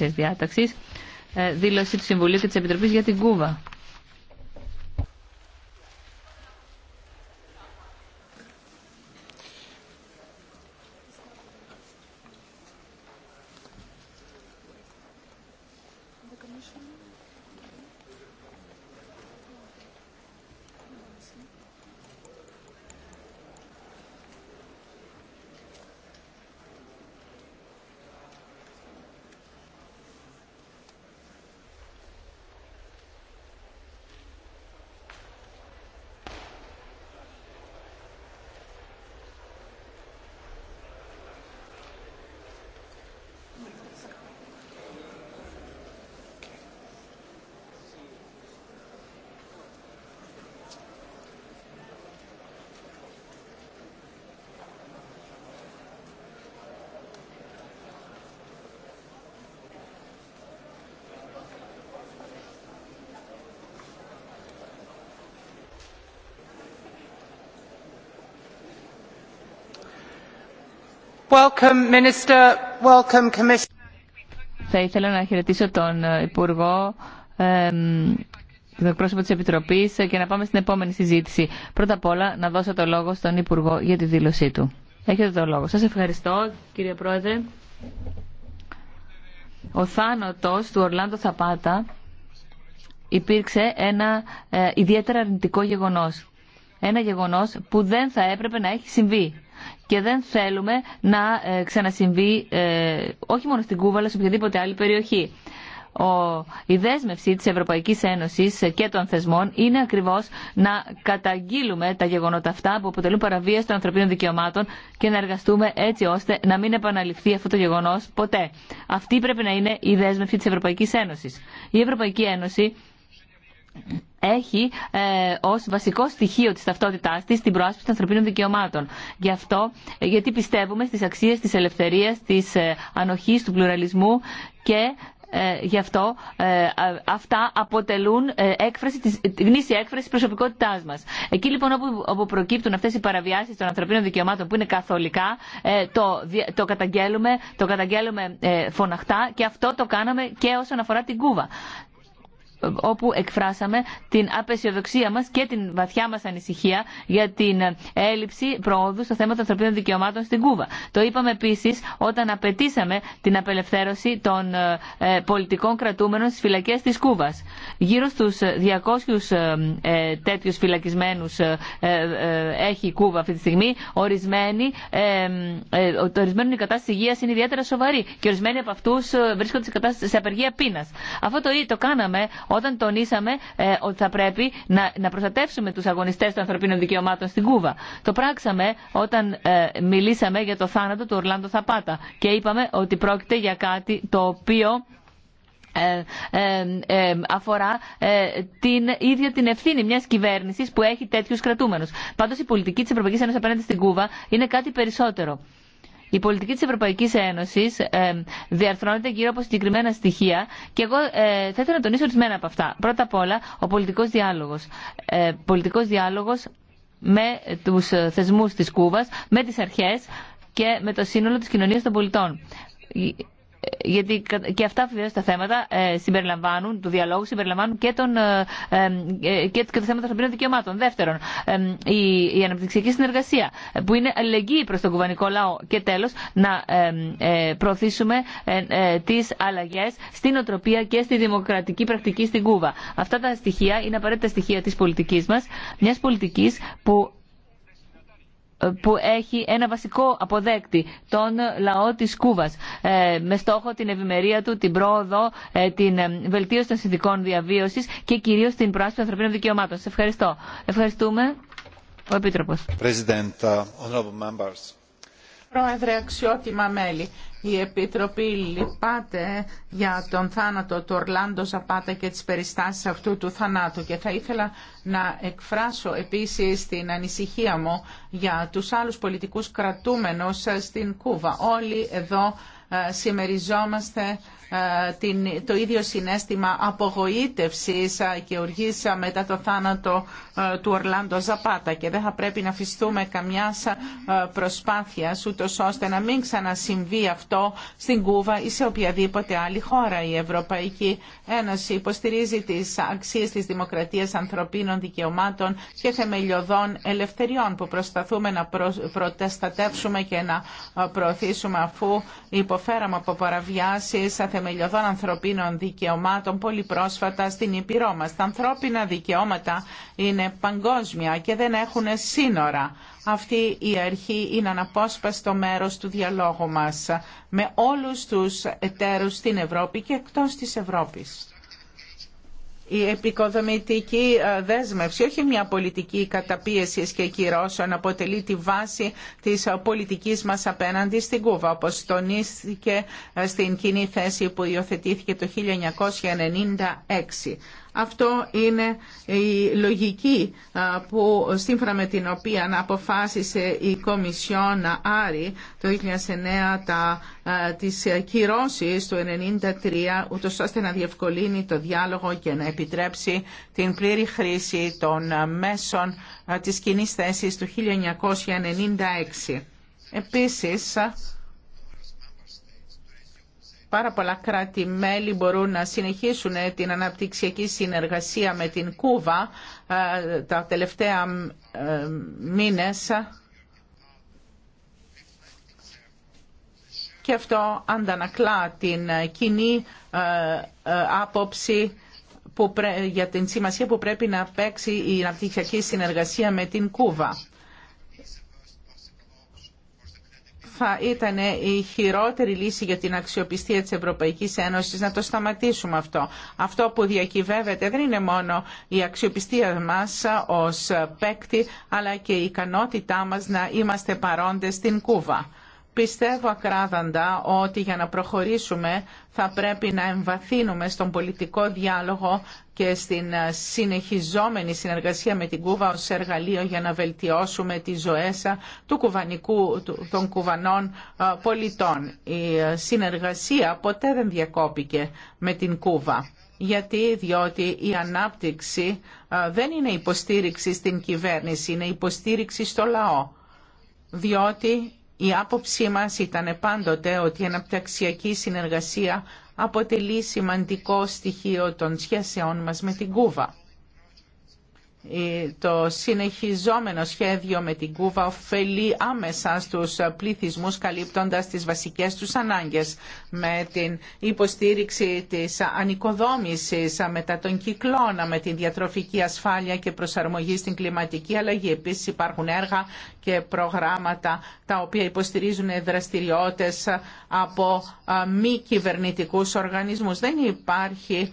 διάταξης ε, δήλωση του Συμβουλίου και της Επιτροπής για την Κούβα. Θα ήθελα να χαιρετήσω τον ε, Υπουργό τον εκπρόσωπο τη Επιτροπή ε, και να πάμε στην επόμενη συζήτηση. Πρώτα απ' όλα να δώσω το λόγο στον Υπουργό για τη δήλωσή του. Έχετε το λόγο. Σας ευχαριστώ κύριε Πρόεδρε. Ο θάνατος του Ορλάντο Θαπάτα υπήρξε ένα ε, ιδιαίτερα αρνητικό γεγονός. Ένα γεγονός που δεν θα έπρεπε να έχει συμβεί και δεν θέλουμε να ε, ξανασυμβεί ε, όχι μόνο στην Κούβα αλλά σε οποιαδήποτε άλλη περιοχή. Ο, η δέσμευση της Ευρωπαϊκής Ένωσης και των θεσμών είναι ακριβώς να καταγγείλουμε τα γεγονότα αυτά που αποτελούν παραβίαση των ανθρωπίνων δικαιωμάτων και να εργαστούμε έτσι ώστε να μην επαναληφθεί αυτό το γεγονός ποτέ. Αυτή πρέπει να είναι η δέσμευση της Ευρωπαϊκής Ένωσης. Η Ευρωπαϊκή Ένωση έχει ε, ως βασικό στοιχείο της ταυτότητάς της την προάσπιση των ανθρωπίνων δικαιωμάτων. Γι' αυτό, ε, γιατί πιστεύουμε στις αξίες της ελευθερίας, της ε, ανοχής, του πλουραλισμού και ε, γι' αυτό ε, αυτά αποτελούν έκφραση της, γνήσια έκφραση της προσωπικότητάς μας. Εκεί λοιπόν όπου, προκύπτουν αυτές οι παραβιάσεις των ανθρωπίνων δικαιωμάτων που είναι καθολικά, το, το καταγγέλουμε, το καταγγέλουμε φωναχτά και αυτό το κάναμε και όσον αφορά την Κούβα όπου εκφράσαμε την απεσιοδοξία μας και την βαθιά μας ανησυχία για την έλλειψη προόδου στο θέμα των ανθρωπίνων δικαιωμάτων στην Κούβα. Το είπαμε επίσης όταν απαιτήσαμε την απελευθέρωση των ε, ε, πολιτικών κρατούμενων στις φυλακές της Κούβας. Γύρω στους 200 ε, τέτοιους φυλακισμένους έχει η Κούβα αυτή τη στιγμή. Ορισμένοι, ορισμένοι η κατάσταση υγείας είναι ιδιαίτερα σοβαρή και ορισμένοι από αυτούς βρίσκονται σε απεργία πείνας. Αυτό το, το κάναμε όταν τονίσαμε ε, ότι θα πρέπει να προστατεύσουμε τους αγωνιστές των ανθρωπίνων δικαιωμάτων στην Κούβα. Το πράξαμε όταν ε, μιλήσαμε για το θάνατο του Ορλάντο Θαπάτα και είπαμε ότι πρόκειται για κάτι το οποίο ε, αφορά την ίδια την ευθύνη μια κυβέρνηση που έχει τέτοιου κρατούμενου. Πάντω η πολιτική τη Ευρωπαϊκή Ένωση απέναντι στην Κούβα είναι κάτι περισσότερο. Η πολιτική της Ευρωπαϊκής Ένωσης ε, διαρθρώνεται γύρω από συγκεκριμένα στοιχεία και εγώ ε, θα ήθελα να τονίσω ορισμένα από αυτά. Πρώτα απ' όλα, ο πολιτικός διάλογος. Ε, πολιτικός διάλογος με τους θεσμούς της Κούβα, με τις αρχές και με το σύνολο της κοινωνίας των πολιτών γιατί και αυτά βεβαίω τα θέματα ε, συμπεριλαμβάνουν, του διαλόγου συμπεριλαμβάνουν και, τον, ε, ε, και, το θέμα των ανθρωπίνων δικαιωμάτων. Δεύτερον, η, η αναπτυξιακή συνεργασία, που είναι αλληλεγγύη προ τον κουβανικό λαό. Και τέλο, να προωθήσουμε τι αλλαγέ στην οτροπία και στη δημοκρατική πρακτική στην Κούβα. Αυτά τα στοιχεία είναι απαραίτητα στοιχεία τη πολιτική μα, μια πολιτική που που έχει ένα βασικό αποδέκτη, τον λαό της Κούβας, ε, με στόχο την ευημερία του, την πρόοδο, ε, την ε, βελτίωση των συνδικών διαβίωσης και κυρίως την προάσπιση των ανθρωπίνων δικαιωμάτων. Σας ευχαριστώ. Ευχαριστούμε. Ο Επίτροπος. Πρόεδρε, αξιότιμα μέλη. Η Επίτροπη λυπάται για τον θάνατο του Ορλάντο Ζαπάτα και τις περιστάσεις αυτού του θανάτου και θα ήθελα να εκφράσω επίσης την ανησυχία μου για τους άλλους πολιτικούς κρατούμενους στην Κούβα. Όλοι εδώ ε, συμμεριζόμαστε ε, το ίδιο συνέστημα απογοήτευσης ε, και οργής μετά το θάνατο του Ορλάντο Ζαπάτα και δεν θα πρέπει να αφιστούμε καμιά προσπάθεια ούτω ώστε να μην ξανασυμβεί αυτό στην Κούβα ή σε οποιαδήποτε άλλη χώρα. Η Ευρωπαϊκή Ένωση υποστηρίζει τις αξίες της δημοκρατίας ανθρωπίνων δικαιωμάτων και θεμελιωδών ελευθεριών που προσπαθούμε να προτεστατεύσουμε και να προωθήσουμε αφού υποφέραμε από παραβιάσεις αθεμελιωδών ανθρωπίνων δικαιωμάτων πολύ πρόσφατα στην Ήπειρό μα. Τα ανθρώπινα δικαιώματα είναι παγκόσμια και δεν έχουν σύνορα. Αυτή η αρχή είναι αναπόσπαστο μέρος του διαλόγου μας με όλους τους εταίρους στην Ευρώπη και εκτός της Ευρώπης η επικοδομητική ε, δέσμευση, όχι μια πολιτική καταπίεση και κυρώσεων, αποτελεί τη βάση της ε, πολιτική μας απέναντι στην Κούβα, όπω τονίστηκε ε, στην κοινή θέση που υιοθετήθηκε το 1996. Αυτό είναι η λογική που σύμφωνα με την οποία αποφάσισε η Κομισιόν Άρη το 2009 τα, τις κυρώσεις του 1993 ούτως ώστε να διευκολύνει το διάλογο και να επιτρέψει την πλήρη χρήση των μέσων της κοινή θέση του 1996. Επίσης, πάρα πολλά κράτη-μέλη μπορούν να συνεχίσουν ε, την αναπτυξιακή συνεργασία με την Κούβα ε, τα τελευταία ε, μήνες και αυτό αντανακλά την κοινή άποψη για την σημασία που πρέπει να παίξει η αναπτυξιακή συνεργασία με την Κούβα. θα ήταν η χειρότερη λύση για την αξιοπιστία της Ευρωπαϊκής Ένωσης να το σταματήσουμε αυτό. Αυτό που διακυβεύεται δεν είναι μόνο η αξιοπιστία μας ως παίκτη, αλλά και η ικανότητά μας να είμαστε παρόντες στην Κούβα. Πιστεύω ακράδαντα ότι για να προχωρήσουμε θα πρέπει να εμβαθύνουμε στον πολιτικό διάλογο και στην συνεχιζόμενη συνεργασία με την Κούβα ως εργαλείο για να βελτιώσουμε τη ζωέσα του κουβανικού, των κουβανών πολιτών. Η συνεργασία ποτέ δεν διακόπηκε με την Κούβα. Γιατί, διότι η ανάπτυξη δεν είναι υποστήριξη στην κυβέρνηση, είναι υποστήριξη στο λαό. Η άποψή μας ήταν πάντοτε ότι η αναπτυξιακή συνεργασία αποτελεί σημαντικό στοιχείο των σχέσεών μας με την Κούβα το συνεχιζόμενο σχέδιο με την Κούβα ωφελεί άμεσα στους πληθυσμούς καλύπτοντας τις βασικές τους ανάγκες με την υποστήριξη της ανοικοδόμησης μετά τον κυκλώνα με την διατροφική ασφάλεια και προσαρμογή στην κλιματική αλλαγή. Επίσης υπάρχουν έργα και προγράμματα τα οποία υποστηρίζουν δραστηριότητες από μη κυβερνητικούς οργανισμούς. Δεν υπάρχει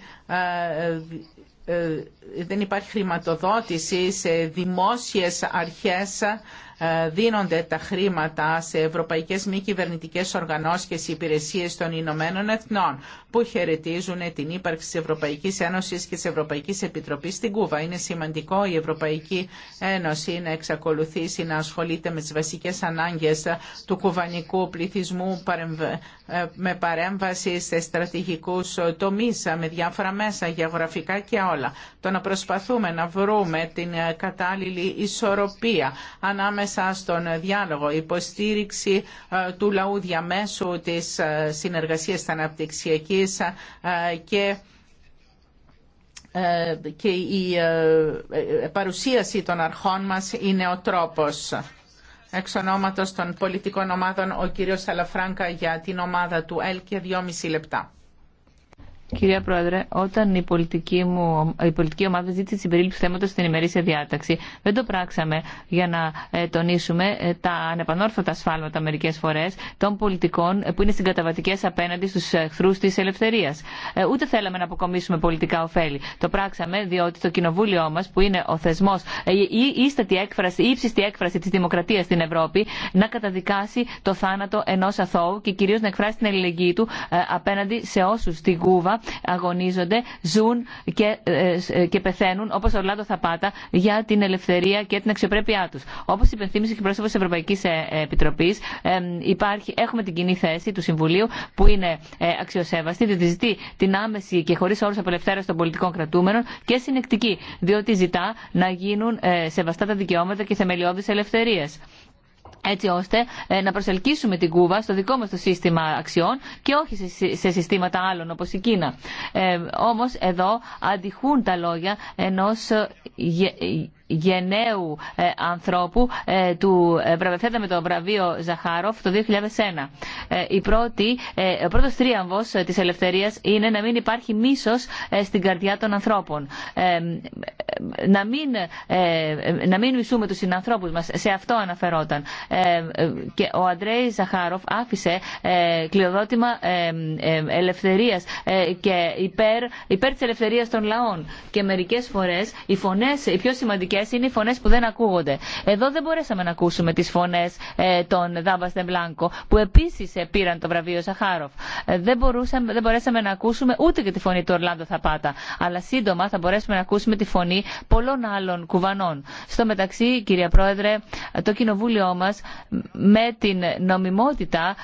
ε, δεν υπάρχει χρηματοδότηση σε δημόσιες αρχές ε, δίνονται τα χρήματα σε ευρωπαϊκές μη κυβερνητικέ οργανώσεις και σε υπηρεσίες των Ηνωμένων Εθνών που χαιρετίζουν την ύπαρξη της Ευρωπαϊκής Ένωσης και της Ευρωπαϊκής Επιτροπής στην Κούβα. Είναι σημαντικό η Ευρωπαϊκή Ένωση να εξακολουθήσει να ασχολείται με τις βασικές ανάγκες του κουβανικού πληθυσμού ε, με παρέμβαση σε στρατηγικούς τομείς με διάφορα μέσα γεωγραφικά και όλα. Το να προσπαθούμε να βρούμε την κατάλληλη ισορροπία ανάμεσα μέσα στον διάλογο, υποστήριξη ε, του λαού διαμέσου της ε, συνεργασίας αναπτυξιακής ε, και και η παρουσίαση των αρχών μας είναι ο τρόπος. Εξ ονόματος των πολιτικών ομάδων, ο κύριος Σαλαφράγκα για την ομάδα του ΕΛ και δυόμιση λεπτά. Κυρία Πρόεδρε, όταν η πολιτική, μου, η πολιτική ομάδα ζήτησε την συμπερίληψη θέματο στην ημερήσια διάταξη, δεν το πράξαμε για να ε, τονίσουμε ε, τα ανεπανόρθωτα σφάλματα μερικέ φορέ των πολιτικών ε, που είναι συγκαταβατικέ απέναντι στου εχθρού τη ελευθερία. Ούτε θέλαμε να αποκομίσουμε πολιτικά ωφέλη. Το πράξαμε διότι το κοινοβούλιο μα, που είναι ο θεσμό, η η ύψιστη έκφραση τη δημοκρατία στην Ευρώπη, να καταδικάσει το θάνατο ενό αθώου και κυρίω να εκφράσει την αλληλεγγύη του απέναντι σε όσου στην Κούβα αγωνίζονται, ζουν και, ε, ε, και πεθαίνουν, όπω ο Ορλάντο Θαπάτα, για την ελευθερία και την αξιοπρέπειά του. Όπω υπενθύμησε και πρόσωπο τη Ευρωπαϊκή ε, Επιτροπή, υπάρχει, έχουμε την κοινή θέση του Συμβουλίου που είναι αξιοσέβαστη, διότι ζητεί την άμεση και χωρί όρου απελευθέρωση των πολιτικών κρατούμενων και συνεκτική, διότι ζητά να γίνουν σεβαστά τα δικαιώματα και θεμελιώδει ελευθερίε έτσι ώστε ε, να προσελκύσουμε την Κούβα στο δικό μας το σύστημα αξιών και όχι σε συστήματα άλλων όπως η Κίνα. Ε, όμως εδώ αντιχούν τα λόγια ενός ε, γενναίου ε, ανθρώπου ε, του ε, βραβευθέντα με το βραβείο Ζαχάροφ το 2001. Η πρώτη, ο πρώτος θρίαμβος της ελευθερίας είναι να μην υπάρχει μίσος στην καρδιά των ανθρώπων. Να μην, να μην μισούμε τους συνανθρώπους μας. Σε αυτό αναφερόταν. Και ο Αντρέη Ζαχάροφ άφησε κλειοδότημα ελευθερίας και υπέρ, υπέρ της ελευθερίας των λαών. Και μερικές φορές οι φωνές, οι πιο σημαντικές είναι οι φωνέ που δεν ακούγονται. Εδώ δεν μπορέσαμε να ακούσουμε τι φωνέ ε, των Δάμπα Δεμπλάνκο που επίση ε, πήραν το βραβείο Σαχάροφ. Ε, δεν, μπορούσαμε, δεν μπορέσαμε να ακούσουμε ούτε και τη φωνή του Ορλάντο Θαπάτα. Αλλά σύντομα θα μπορέσουμε να ακούσουμε τη φωνή πολλών άλλων κουβανών. Στο μεταξύ, κυρία Πρόεδρε, το κοινοβούλιο μα με την νομιμότητα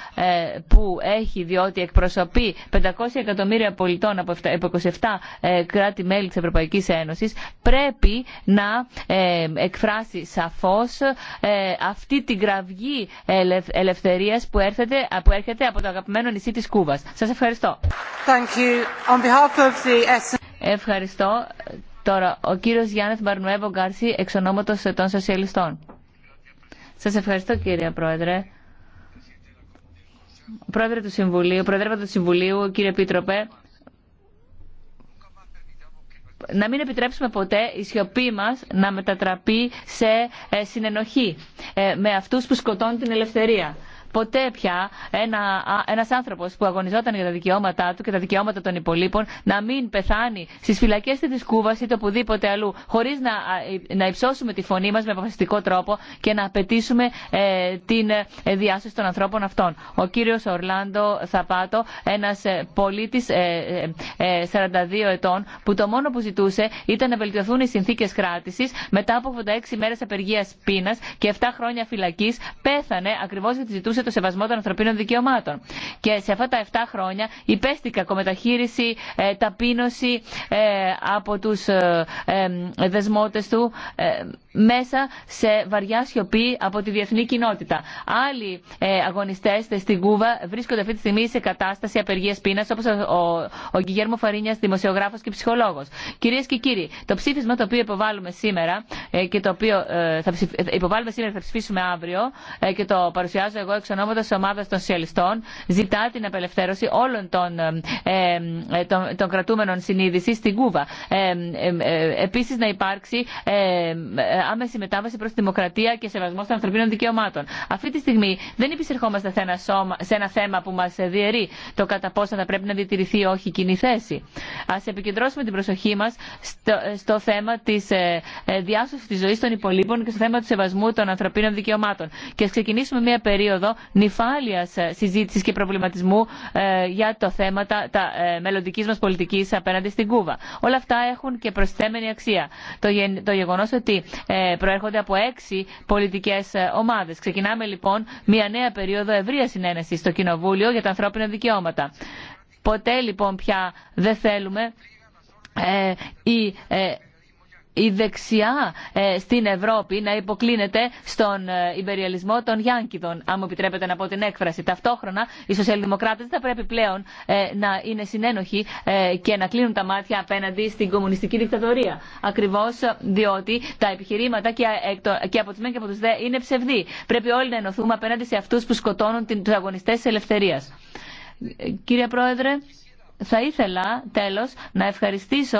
που έχει διότι εκπροσωπεί 500 εκατομμύρια πολιτών από 27 κράτη-μέλη της Ευρωπαϊκής Ένωσης πρέπει να ε, εκφράσει σαφώς ε, αυτή την κραυγή ελευθερίας που έρχεται, που έρχεται από το αγαπημένο νησί της Κούβας. Σας ευχαριστώ. Thank you. On of the... Ευχαριστώ. Τώρα, ο κύριος Γιάννης Μπαρνουέβο Γκάρση, εξ ονόματος των Σοσιαλιστών. Σας ευχαριστώ κύριε Πρόεδρε. Πρόεδρε του Συμβουλίου, Πρόεδρε του Συμβουλίου, κύριε Επίτροπε, να μην επιτρέψουμε ποτέ η σιωπή μας να μετατραπεί σε ε, συνενοχή ε, με αυτούς που σκοτώνουν την ελευθερία ποτέ πια ένα ένας άνθρωπος που αγωνιζόταν για τα δικαιώματά του και τα δικαιώματα των υπολείπων να μην πεθάνει στις φυλακές της Κούβας ή το οπουδήποτε αλλού χωρίς να, να υψώσουμε τη φωνή μας με αποφασιστικό τρόπο και να απαιτήσουμε ε, την ε, διάσωση των ανθρώπων αυτών. Ο κύριος Ορλάντο Θαπάτο, ένας ε, πολίτης 42 ε, ετών που το μόνο που ζητούσε ήταν να βελτιωθούν οι συνθήκες κράτησης μετά από 86 μέρες απεργίας πείνας και 7 χρόνια φυλακής πέθανε ακριβώς γιατί ζητούσε το σεβασμό των ανθρωπίνων δικαιωμάτων. Και σε αυτά τα 7 χρόνια υπέστη κακομεταχείριση, ε, ταπείνωση ε, από τους ε, δεσμότες του μέσα σε βαριά σιωπή από τη διεθνή κοινότητα. Άλλοι ε, αγωνιστέ στην Κούβα βρίσκονται αυτή τη στιγμή σε κατάσταση απεργία πείνα, όπω ο, ο Γκυγέρμο Φαρίνια, δημοσιογράφο και ψυχολόγο. Κυρίε και κύριοι, το ψήφισμα το οποίο υποβάλλουμε σήμερα ε, και το οποίο ε, θα υποβάλλουμε σήμερα θα ψηφίσουμε αύριο και το παρουσιάζω εγώ εξ ονόματο τη ομάδα των Σοσιαλιστών, ζητά την απελευθέρωση όλων των, ε, των, των κρατούμενων συνείδηση στην Κούβα. Επίση να υπάρξει άμεση μετάβαση προ τη δημοκρατία και σεβασμό των ανθρωπίνων δικαιωμάτων. Αυτή τη στιγμή δεν υπησερχόμαστε σε ένα, σώμα, σε ένα θέμα που μα διαιρεί το κατά πόσο θα πρέπει να διατηρηθεί ή όχι κοινή θέση. Α επικεντρώσουμε την προσοχή μα στο, θέμα τη ε, ε διάσωση τη ζωή των υπολείπων και στο θέμα του σεβασμού των ανθρωπίνων δικαιωμάτων. Και α ξεκινήσουμε μια περίοδο νυφάλεια ε, συζήτηση και προβληματισμού ε, για το θέμα τα, τα ε, μελλοντική μα πολιτική απέναντι στην Κούβα. Όλα αυτά έχουν και προσθέμενη αξία. Το, το γεγονό ότι προέρχονται από έξι πολιτικέ ομάδε. Ξεκινάμε λοιπόν μια νέα περίοδο ευρεία συνένεση στο Κοινοβούλιο για τα ανθρώπινα δικαιώματα. Ποτέ λοιπόν πια δεν θέλουμε ε, η ε, η δεξιά ε, στην Ευρώπη να υποκλίνεται στον ε, υπεριαλισμό των Γιάνκιδων, αν μου επιτρέπετε να πω την έκφραση. Ταυτόχρονα, οι σοσιαλδημοκράτε δεν θα πρέπει πλέον ε, να είναι συνένοχοι και να κλείνουν τα μάτια απέναντι στην κομμουνιστική δικτατορία. Ακριβώ διότι τα επιχειρήματα και από τι μεν και από του δε είναι ψευδή. Πρέπει όλοι να ενωθούμε απέναντι σε αυτού που σκοτώνουν του αγωνιστέ τη ελευθερία. Κύριε Πρόεδρε, θα ήθελα τέλος να ευχαριστήσω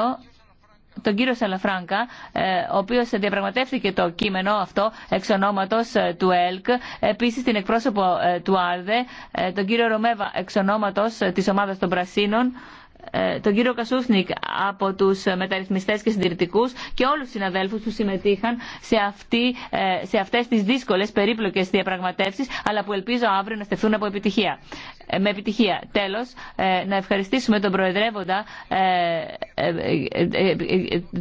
τον κύριο Σαλαφράγκα, ε, ο οποίο διαπραγματεύτηκε το κείμενο αυτό εξ ονόματο ε, του ΕΛΚ, επίση την εκπρόσωπο ε, του ΑΡΔΕ, τον κύριο Ρωμέβα εξ ονόματο τη ομάδα των Πρασίνων, τον κύριο Κασούσνικ, από του μεταρρυθμιστέ και συντηρητικού και όλου του συναδέλφου που συμμετείχαν σε, σε αυτέ τι δύσκολε περίπλοκε διαπραγματεύσει, αλλά που ελπίζω αύριο να στεφθούν από επιτυχία. Ε, με επιτυχία. Τέλος, ε, να ευχαριστήσουμε τον Προεδρεύοντα ε,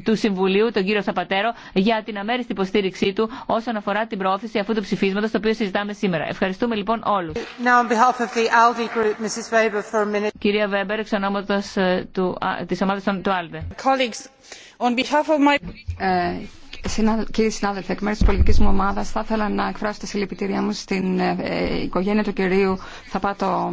του Συμβουλίου, τον κύριο Σαπατέρο, για την αμέριστη υποστήριξή του όσον αφορά την προώθηση αυτού του ψηφίσματος το οποίο συζητάμε σήμερα. Ευχαριστούμε λοιπόν όλους. Κυρία Βέμπερ, εξ της ομάδας του Άλβε. Κύριοι συνάδελφοι, εκ μέρου τη πολιτική μου ομάδα, θα ήθελα να εκφράσω τα συλληπιτήριά μου στην ε, ε, οικογένεια του κυρίου Θαπάτο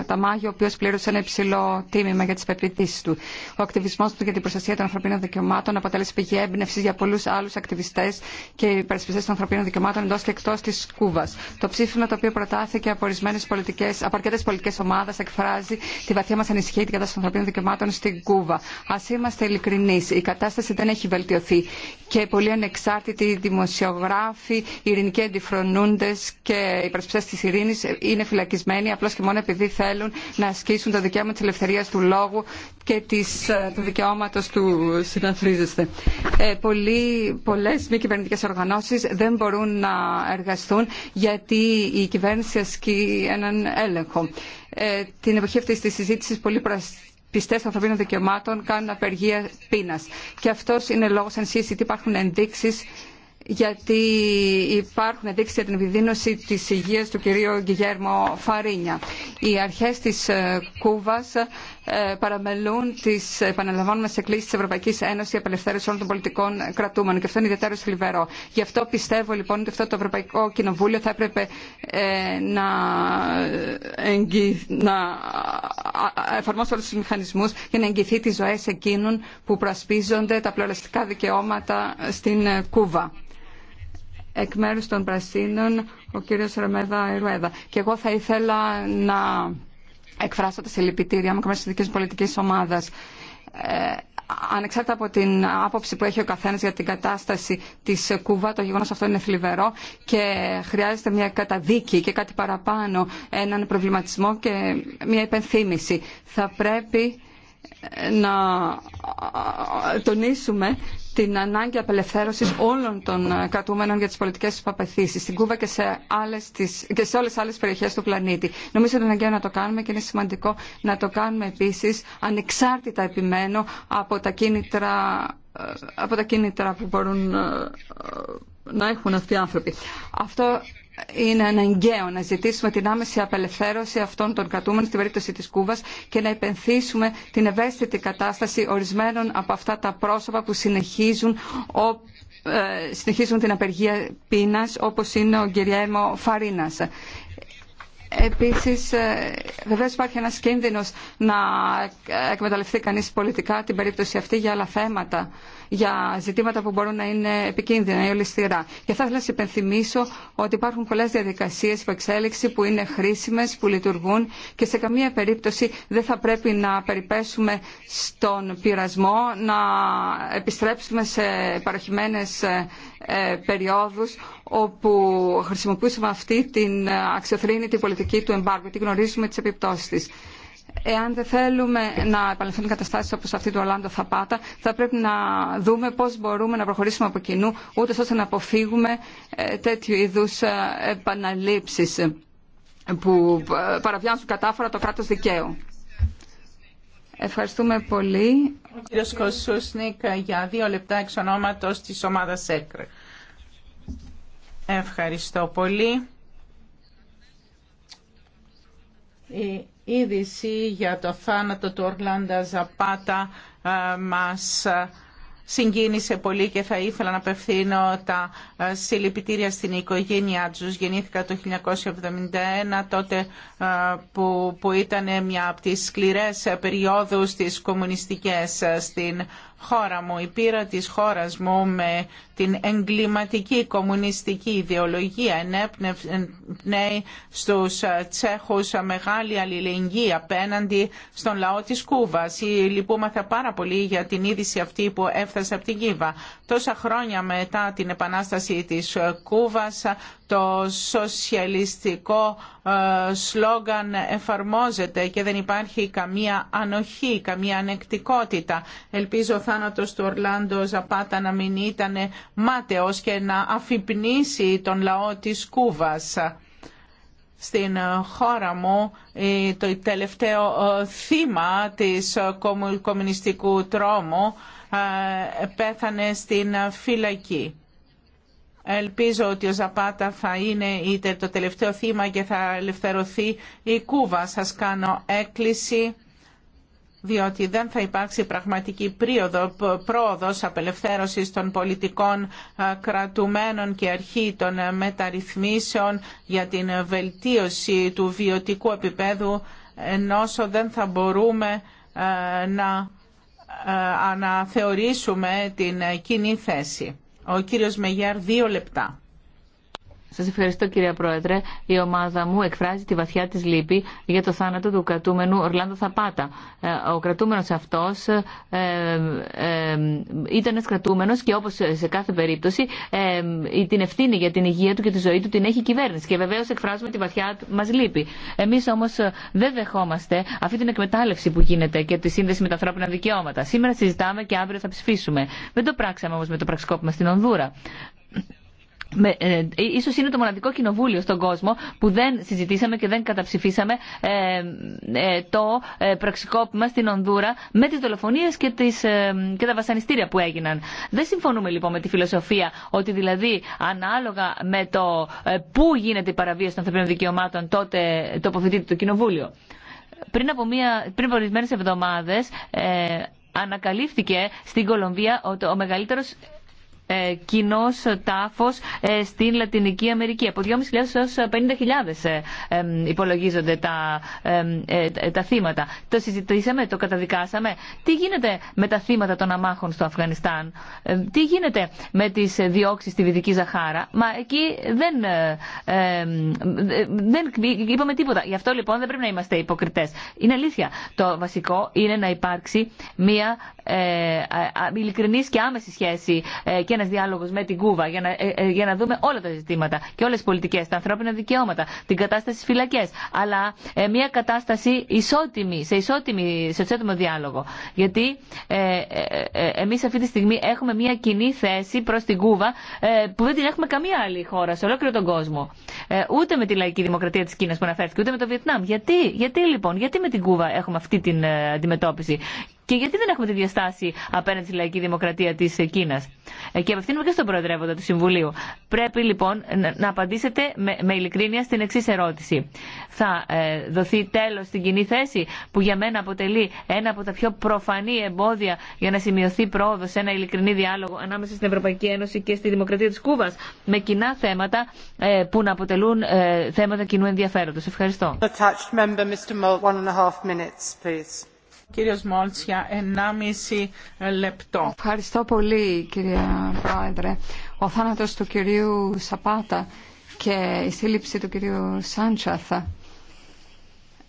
ε, Ταμάγιο, ο οποίο πλήρωσε ένα υψηλό τίμημα για τι πεπιτήσει του. Ο ακτιβισμό του για την προστασία των ανθρωπίνων δικαιωμάτων αποτέλεσε πηγή έμπνευση για πολλού άλλου ακτιβιστέ και υπερασπιστέ των ανθρωπίνων δικαιωμάτων εντό και εκτό τη Κούβα. Το ψήφισμα το οποίο προτάθηκε από, από αρκετέ πολιτικέ ομάδε εκφράζει τη βαθιά μα ανησυχία για τα ανθρωπίνων δικαιωμάτων στην Κούβα. Α είμαστε ειλικρινεί, η κατάσταση δεν έχει βελτιωθεί και πολλοί ανεξάρτητοι δημοσιογράφοι, οι ειρηνικοί αντιφρονούντε και οι υπερασπιστέ της ειρήνης είναι φυλακισμένοι απλώ και μόνο επειδή θέλουν να ασκήσουν το δικαίωμα τη ελευθερία του λόγου και της, ε, του δικαιώματο του συναθρίζεστε. Ε, μη κυβερνητικέ οργανώσει δεν μπορούν να εργαστούν γιατί η κυβέρνηση ασκεί έναν έλεγχο. Ε, την εποχή τη συζήτηση πολύ πολλοί πιστέ ανθρωπίνων δικαιωμάτων κάνουν απεργία πείνα. Και αυτό είναι λόγο ενσύστη ότι υπάρχουν ενδείξει γιατί υπάρχουν ενδείξεις για την επιδείνωση τη υγεία του κυρίου Γκυγέρμο Φαρίνια. Οι αρχέ τη ε, Κούβα ε, παραμελούν επαναλαμβάνουμε σε κλήσει τη Ευρωπαϊκή Ένωση για απελευθέρωση όλων των πολιτικών κρατούμενων και αυτό είναι ιδιαίτερο θλιβερό. Γι' αυτό πιστεύω λοιπόν ότι αυτό το Ευρωπαϊκό Κοινοβούλιο θα έπρεπε ε, να, εγγυ... να εφαρμόσει όλου του μηχανισμού για να εγγυηθεί τι ζωέ εκείνων που προασπίζονται τα πλουραλιστικά δικαιώματα στην Κούβα εκ μέρους των Πρασίνων ο κύριος Ρεμέδα Ιρουέδα. Και εγώ θα ήθελα να εκφράσω τα συλληπιτήριά μου και μέσα της δικής πολιτικής ομάδας. Ε, ανεξάρτητα από την άποψη που έχει ο καθένας για την κατάσταση της Κούβα, το γεγονός αυτό είναι θλιβερό και χρειάζεται μια καταδίκη και κάτι παραπάνω, έναν προβληματισμό και μια υπενθύμηση. Θα πρέπει να ε, τονίσουμε την ανάγκη απελευθέρωσης όλων των ε, κρατούμενων για τις πολιτικές του παπαθήσεις στην Κούβα και σε, άλλες τις, και σε όλες τις άλλες περιοχές του πλανήτη. Νομίζω είναι αναγκαίο να το κάνουμε και είναι σημαντικό να το κάνουμε επίσης ανεξάρτητα επιμένω από τα κίνητρα, ε, από τα κίνητρα που μπορούν να έχουν αυτοί οι άνθρωποι. Αυτό είναι αναγκαίο να ζητήσουμε την άμεση απελευθέρωση αυτών των κρατούμενων στην περίπτωση της Κούβας και να υπενθύσουμε την ευαίσθητη κατάσταση ορισμένων από αυτά τα πρόσωπα που συνεχίζουν, ε, συνεχίζουν την απεργία πείνας όπως είναι ο Γκυριέμο Φαρίνας. Επίσης, ε, βεβαίω υπάρχει ένας κίνδυνος να εκμεταλλευτεί κανείς πολιτικά την περίπτωση αυτή για άλλα θέματα για ζητήματα που μπορούν να είναι επικίνδυνα ή ολιστηρά. Και θα ήθελα να σα υπενθυμίσω ότι υπάρχουν πολλέ διαδικασίε εξέλιξη που είναι χρήσιμε, που λειτουργούν και σε καμία περίπτωση δεν θα πρέπει να περιπέσουμε στον πειρασμό να επιστρέψουμε σε παροχημένε ε, ε, περιόδους όπου χρησιμοποιούσαμε αυτή την ε, αξιοθρήνητη πολιτική του εμπάργου, και γνωρίζουμε τις επιπτώσεις της εάν δεν θέλουμε να επαναληφθούν καταστάσει όπως αυτή του Ολάντο Θαπάτα, θα πρέπει να δούμε πώς μπορούμε να προχωρήσουμε από κοινού, ούτε ώστε να αποφύγουμε ε, τέτοιου είδους ε, επαναλήψεις που ε, παραβιάζουν κατάφορα το κράτος δικαίου. Ευχαριστούμε πολύ. Ο κύριος Κοσούσνικ για δύο λεπτά εξ ονόματος της ομάδας Ευχαριστώ πολύ είδηση για το θάνατο του Ορλάντα Ζαπάτα ε, μας ε, συγκίνησε πολύ και θα ήθελα να απευθύνω τα ε, συλληπιτήρια στην οικογένειά του. Γεννήθηκα το 1971, τότε που, που ήταν μια από τις σκληρές περιόδους της κομμουνιστικές στην χώρα μου, η πείρα της χώρας μου με την εγκληματική κομμουνιστική ιδεολογία ενέπνευνε στους ε, Τσέχους μεγάλη αλληλεγγύη απέναντι στον λαό της Κούβας. Λυπούμαθα πάρα πολύ για την είδηση αυτή που έφτασε από την Κίβα. Τόσα χρόνια μετά την επανάσταση της ε, Κούβας το σοσιαλιστικό ε, σλόγγαν εφαρμόζεται και δεν υπάρχει καμία ανοχή, καμία ανεκτικότητα. Ελπίζω ο θάνατος του Ορλάντο Ζαπάτα να μην ήταν μάταιος και να αφυπνήσει τον λαό της Κούβας. Στην χώρα μου το τελευταίο ε, θύμα της ε, κομμουνιστικού τρόμου πέθανε στην φυλακή Ελπίζω ότι ο Ζαπάτα θα είναι είτε το τελευταίο θύμα και θα ελευθερωθεί η Κούβα. Σας κάνω έκκληση διότι δεν θα υπάρξει πραγματική πρίοδο, πρόοδος απελευθέρωσης των πολιτικών κρατουμένων και αρχή των μεταρρυθμίσεων για την βελτίωση του βιωτικού επίπεδου ενώ δεν θα μπορούμε να αναθεωρήσουμε την κοινή θέση. Ο κύριος Μεγιάρ, δύο λεπτά. Σα ευχαριστώ κυρία Πρόεδρε. Η ομάδα μου εκφράζει τη βαθιά τη λύπη για το θάνατο του κρατούμενου Ορλάντο Θαπάτα. Ε, ο κρατούμενο αυτό ε, ε, ε, ήταν ένα κρατούμενο και όπω σε κάθε περίπτωση ε, την ευθύνη για την υγεία του και τη ζωή του την έχει η κυβέρνηση. Και βεβαίω εκφράζουμε τη βαθιά μα λύπη. Εμεί όμω ε, δεν δεχόμαστε αυτή την εκμετάλλευση που γίνεται και τη σύνδεση με τα ανθρώπινα δικαιώματα. Σήμερα συζητάμε και αύριο θα ψηφίσουμε. Δεν το πράξαμε όμω με το πραξικόπημα στην Ονδούρα. Με, ε, ίσως είναι το μοναδικό κοινοβούλιο στον κόσμο που δεν συζητήσαμε και δεν καταψηφίσαμε ε, ε, το ε, πραξικόπημα στην Ονδούρα με τις δολοφονίες και, τις, ε, και τα βασανιστήρια που έγιναν. Δεν συμφωνούμε λοιπόν με τη φιλοσοφία ότι δηλαδή ανάλογα με το πού γίνεται η παραβίαση των ανθρωπίνων δικαιωμάτων τότε τοποθετείται το κοινοβούλιο. Πριν από, μία, πριν από εβδομάδες ανακαλύφθηκε στην Κολομβία ότι ο μεγαλύτερος ε, κοινό τάφο ε, στην Λατινική Αμερική. Από 2.500 έως 50.000 ε, υπολογίζονται τα, ε, τα θύματα. Το συζητήσαμε, το καταδικάσαμε. Τι γίνεται με τα θύματα των αμάχων στο Αφγανιστάν, τι γίνεται με τις διώξει στη Δυτική Ζαχάρα. Μα εκεί δεν, δεν είπαμε τίποτα. Γι' αυτό λοιπόν δεν πρέπει να είμαστε υποκριτέ. Είναι αλήθεια. Το βασικό είναι να υπάρξει μια ειλικρινή και άμεση σχέση και ένα διάλογο με την Κούβα για να, ε, ε, για να δούμε όλα τα ζητήματα και όλε τι πολιτικέ, τα ανθρώπινα δικαιώματα, την κατάσταση στι φυλακέ. Αλλά ε, μια κατάσταση ισότιμη, σε, ισότιμη, σε ισότιμο διάλογο. Γιατί ε, ε, ε εμεί αυτή τη στιγμή έχουμε μια κοινή θέση προ την Κούβα ε, που δεν την έχουμε καμία άλλη χώρα σε ολόκληρο τον κόσμο. ούτε με τη λαϊκή δημοκρατία τη Κίνα που αναφέρθηκε, ούτε με το Βιετνάμ. Γιατί, γιατί λοιπόν, γιατί με την Κούβα έχουμε αυτή την αντιμετώπιση. Και γιατί δεν έχουμε τη διαστάση απέναντι στη λαϊκή δημοκρατία τη Κίνα. Ε, και απευθύνουμε και στον Προεδρεύοντα του Συμβουλίου. Πρέπει λοιπόν να απαντήσετε με, με ειλικρίνεια στην εξή ερώτηση. Θα ε, δοθεί τέλο στην κοινή θέση που για μένα αποτελεί ένα από τα πιο προφανή εμπόδια για να σημειωθεί πρόοδο σε ένα ειλικρινή διάλογο ανάμεσα στην Ευρωπαϊκή Ένωση και στη Δημοκρατία τη Κούβα με κοινά θέματα ε, που να αποτελούν ε, θέματα κοινού ενδιαφέροντο. Ευχαριστώ. Κύριος για 1,5 λεπτό. Ευχαριστώ πολύ κυρία Πρόεδρε. Ο θάνατος του κυρίου Σαπάτα και η σύλληψη του κυρίου Σάντσαθ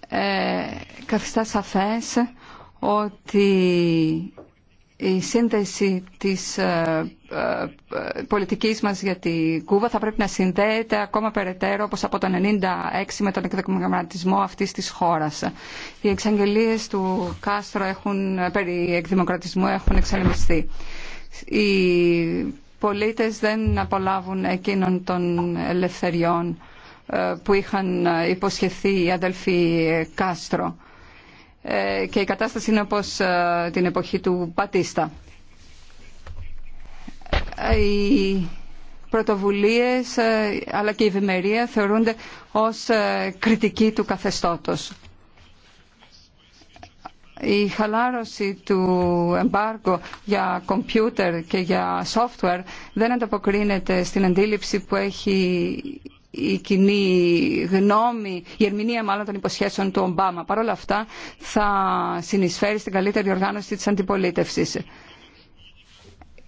ε, καθιστά σαφές ότι η σύνδεση της ε, ε, πολιτικής μας για την Κούβα θα πρέπει να συνδέεται ακόμα περαιτέρω όπως από το 1996 με τον εκδημοκρατισμό αυτής της χώρας. Οι εξαγγελίες του Κάστρο έχουν, περί εκδημοκρατισμού έχουν εξαλειφθεί. Οι πολίτες δεν απολάβουν εκείνων των ελευθεριών ε, που είχαν υποσχεθεί οι αδελφοί Κάστρο ε, και η κατάσταση είναι όπως ε, την εποχή του Πατίστα. Ε, οι πρωτοβουλίες αλλά και η ευημερία θεωρούνται ως κριτική του καθεστώτος. Η χαλάρωση του εμπάργου για κομπιούτερ και για software δεν ανταποκρίνεται στην αντίληψη που έχει η κοινή γνώμη, η ερμηνεία μάλλον των υποσχέσεων του Ομπάμα. Παρ' όλα αυτά θα συνεισφέρει στην καλύτερη οργάνωση της αντιπολίτευσης.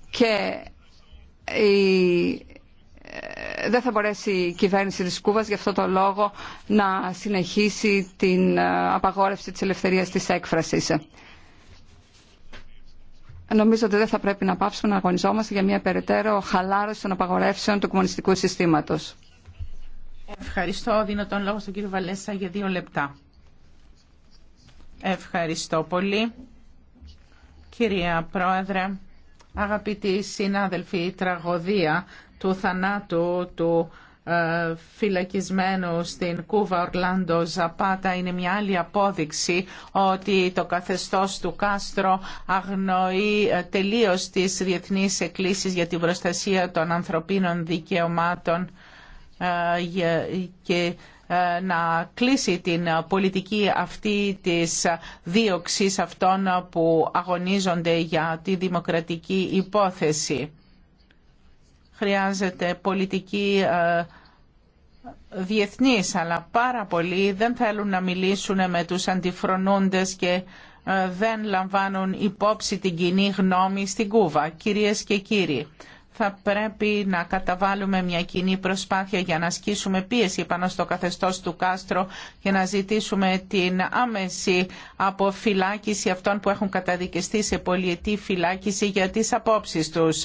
Και ε, δεν θα μπορέσει η κυβέρνηση της Κούβας γι' αυτό το λόγο να συνεχίσει την ε, απαγόρευση της ελευθερίας της έκφρασης. Νομίζω ότι δεν θα πρέπει να πάψουμε να αγωνιζόμαστε για μια περαιτέρω χαλάρωση των απαγορεύσεων του κομμουνιστικού συστήματος. Ευχαριστώ. Δίνω τον λόγο στον κύριο Βαλέσα για δύο λεπτά. Ευχαριστώ πολύ. Κυρία Πρόεδρε, αγαπητοί συνάδελφοι, η τραγωδία του θανάτου του ε, φυλακισμένου στην Κούβα Ορλάντο Ζαπάτα είναι μια άλλη απόδειξη ότι το καθεστώς του Κάστρο αγνοεί ε, τελείως τις διεθνείς εκκλήσεις για την προστασία των ανθρωπίνων δικαιωμάτων ε, και ε, να κλείσει την πολιτική αυτή της δίωξης αυτών που αγωνίζονται για τη δημοκρατική υπόθεση. Χρειάζεται πολιτική ε, διεθνής, αλλά πάρα πολλοί δεν θέλουν να μιλήσουν με τους αντιφρονούντες και δεν λαμβάνουν υπόψη την κοινή γνώμη στην Κούβα. Κυρίες και κύριοι, θα πρέπει να καταβάλουμε μια κοινή προσπάθεια για να ασκήσουμε πίεση πάνω στο καθεστώς του Κάστρο και να ζητήσουμε την άμεση αποφυλάκηση αυτών που έχουν καταδικαστεί σε πολιετή φυλάκιση για τις απόψεις τους.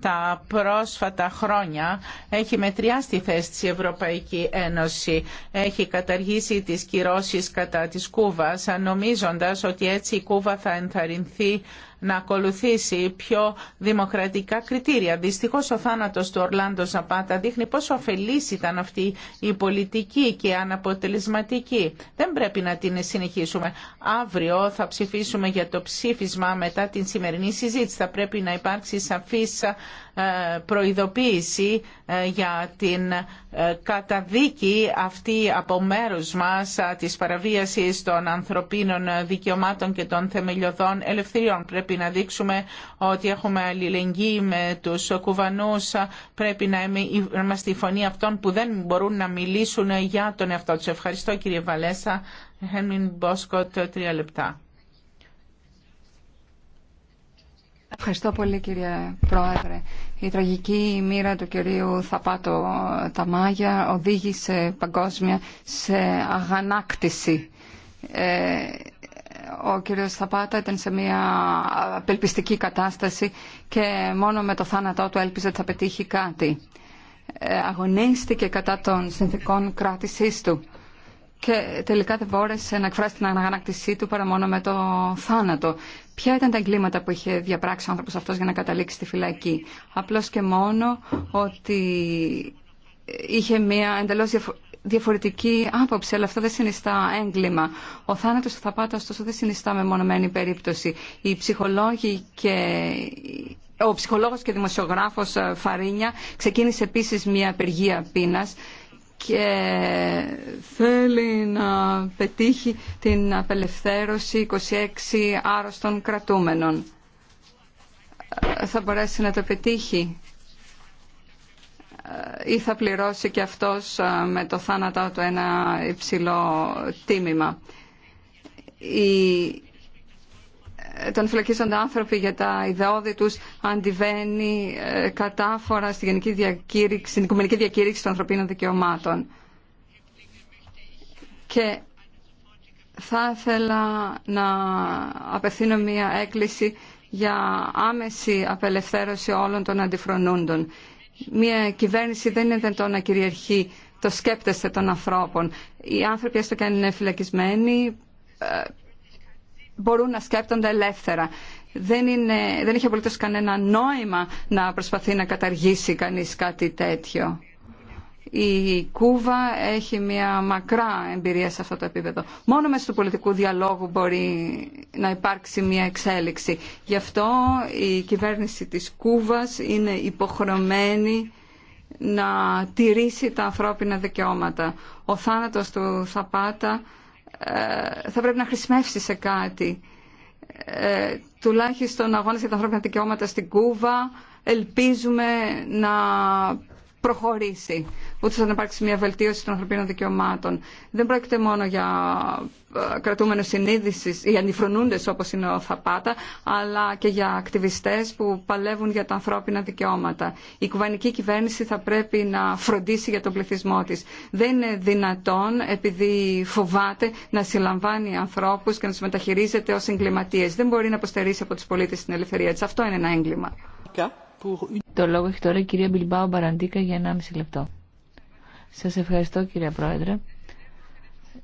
Τα πρόσφατα χρόνια έχει μετριάσει τη θέση της Ευρωπαϊκή Ένωση. Έχει καταργήσει τις κυρώσεις κατά της Κούβας, νομίζοντας ότι έτσι η Κούβα θα ενθαρρυνθεί να ακολουθήσει πιο δημοκρατικά κριτήρια. Δυστυχώ, ο θάνατος του Ορλάντο Ζαπάτα δείχνει πόσο αφελής ήταν αυτή η πολιτική και αναποτελεσματική. Δεν πρέπει να την συνεχίσουμε. Αύριο θα ψηφίσουμε για το ψήφισμα μετά την σημερινή συζήτηση. Θα πρέπει να υπάρξει σαφής ε, προειδοποίηση ε, για την ε, καταδίκη αυτή από μέρους μας της παραβίασης των ανθρωπίνων δικαιωμάτων και των θεμελιωδών ελευθεριών. Πρέπει να δείξουμε ότι έχουμε αλληλεγγύη με τους Κουβανούς. Πρέπει να είμαστε η φωνή αυτών που δεν μπορούν να μιλήσουν για τον εαυτό τους. Ευχαριστώ κύριε Βαλέσα. Χέμιν Μπόσκοτ, τρία λεπτά. Ευχαριστώ πολύ κύριε Πρόεδρε. Η τραγική μοίρα του κυρίου Θαπάτο Ταμάγια οδήγησε παγκόσμια σε αγανάκτηση. Ε, ο κύριος Θαπάτα ήταν σε μια απελπιστική κατάσταση και μόνο με το θάνατό του έλπιζε ότι θα πετύχει κάτι. Ε, αγωνίστηκε κατά των συνθήκων κράτησής του και τελικά δεν μπόρεσε να εκφράσει την αναγανάκτησή του παρά μόνο με το θάνατο. Ποια ήταν τα εγκλήματα που είχε διαπράξει ο άνθρωπο αυτό για να καταλήξει στη φυλακή. Απλώ και μόνο ότι είχε μια εντελώ διαφορετική άποψη, αλλά αυτό δεν συνιστά έγκλημα. Ο θάνατο του Θαπάτα, ωστόσο, δεν συνιστά μεμονωμένη περίπτωση. Οι ψυχολόγοι και. Ο ψυχολόγος και δημοσιογράφος ε, Φαρίνια ξεκίνησε επίσης μια απεργία πείνας και θέλει να πετύχει την απελευθέρωση 26 άρρωστων κρατούμενων. Θα μπορέσει να το πετύχει ή θα πληρώσει και αυτός με το θάνατο του ένα υψηλό τίμημα τον φυλακίζονται άνθρωποι για τα ιδεώδη του αντιβαίνει ε, κατάφορα στη γενική διακήρυξη, στην Οικουμενική Διακήρυξη των Ανθρωπίνων Δικαιωμάτων. Και θα ήθελα να απευθύνω μία έκκληση για άμεση απελευθέρωση όλων των αντιφρονούντων. Μία κυβέρνηση δεν είναι το να κυριαρχεί το σκέπτεστε των ανθρώπων. Οι άνθρωποι, έστω και αν είναι φυλακισμένοι, ε, μπορούν να σκέπτονται ελεύθερα. Δεν, είναι, δεν έχει απολύτως κανένα νόημα να προσπαθεί να καταργήσει κανείς κάτι τέτοιο. Η Κούβα έχει μια μακρά εμπειρία σε αυτό το επίπεδο. Μόνο μέσω του πολιτικού διαλόγου μπορεί να υπάρξει μια εξέλιξη. Γι' αυτό η κυβέρνηση της Κούβας είναι υποχρεωμένη να τηρήσει τα ανθρώπινα δικαιώματα. Ο θάνατος του Θαπάτα ε, θα πρέπει να χρησιμεύσει σε κάτι. Ε, τουλάχιστον αγώνα για τα ανθρώπινα δικαιώματα στην Κούβα ελπίζουμε να προχωρήσει ούτε θα να υπάρξει μια βελτίωση των ανθρωπίνων δικαιωμάτων. Δεν πρόκειται μόνο για ε, κρατούμενους συνείδησης ή αντιφρονούντες όπως είναι ο Θαπάτα, αλλά και για ακτιβιστές που παλεύουν για τα ανθρώπινα δικαιώματα. Η κουβανική κυβέρνηση θα πρέπει να φροντίσει για τον πληθυσμό της. Δεν είναι δυνατόν επειδή φοβάται να συλλαμβάνει ανθρώπους και να τους μεταχειρίζεται ως εγκληματίες. Δεν μπορεί να αποστερήσει από τους πολίτες την ελευθερία της. Αυτό είναι ένα έγκλημα. Το λόγο έχει τώρα η κυρία Μπιλμπάου Μπαραντίκα για 1,5 λεπτό. Σας ευχαριστώ κύριε Πρόεδρε.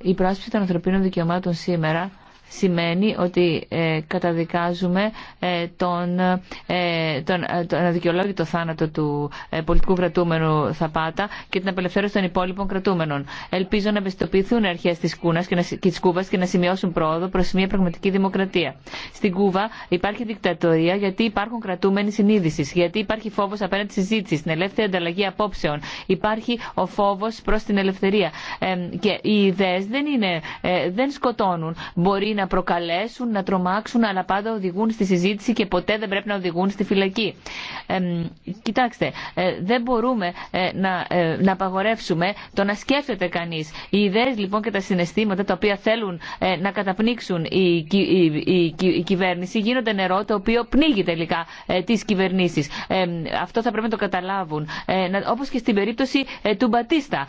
Η πρόσπιση των ανθρωπίνων δικαιωμάτων σήμερα σημαίνει ότι ε, καταδικάζουμε ε, τον, ε, τον, τον αδικαιολόγητο θάνατο του πολιτικού κρατούμενου Θαπάτα και την απελευθέρωση των υπόλοιπων κρατούμενων. Ελπίζω να ευαισθητοποιηθούν οι αρχέ τη Κούνα και τη Κούβα και να σημειώσουν πρόοδο προ μια πραγματική δημοκρατία. Στην Κούβα υπάρχει δικτατορία γιατί υπάρχουν κρατούμενοι συνείδηση, γιατί υπάρχει φόβο απέναντι στη συζήτηση, στην ελεύθερη ανταλλαγή απόψεων, υπάρχει ο φόβο προ την ελευθερία. και οι ιδέε δεν, είναι, δεν σκοτώνουν. Μπορεί να προκαλέσουν, να τρομάξουν, αλλά πάντα οδηγούν στη συζήτηση και ποτέ δεν πρέπει να οδηγούν στη φυλακή. Ε, κοιτάξτε, ε, δεν μπορούμε ε, να, ε, να απαγορεύσουμε το να σκέφτεται κανείς. Οι ιδέες λοιπόν και τα συναισθήματα τα οποία θέλουν ε, να καταπνίξουν η, η, η, η κυβέρνηση γίνονται νερό το οποίο πνίγει τελικά ε, τις κυβερνήσεις. Αυτό θα πρέπει να το καταλάβουν. Όπως και στην περίπτωση του Μπατίστα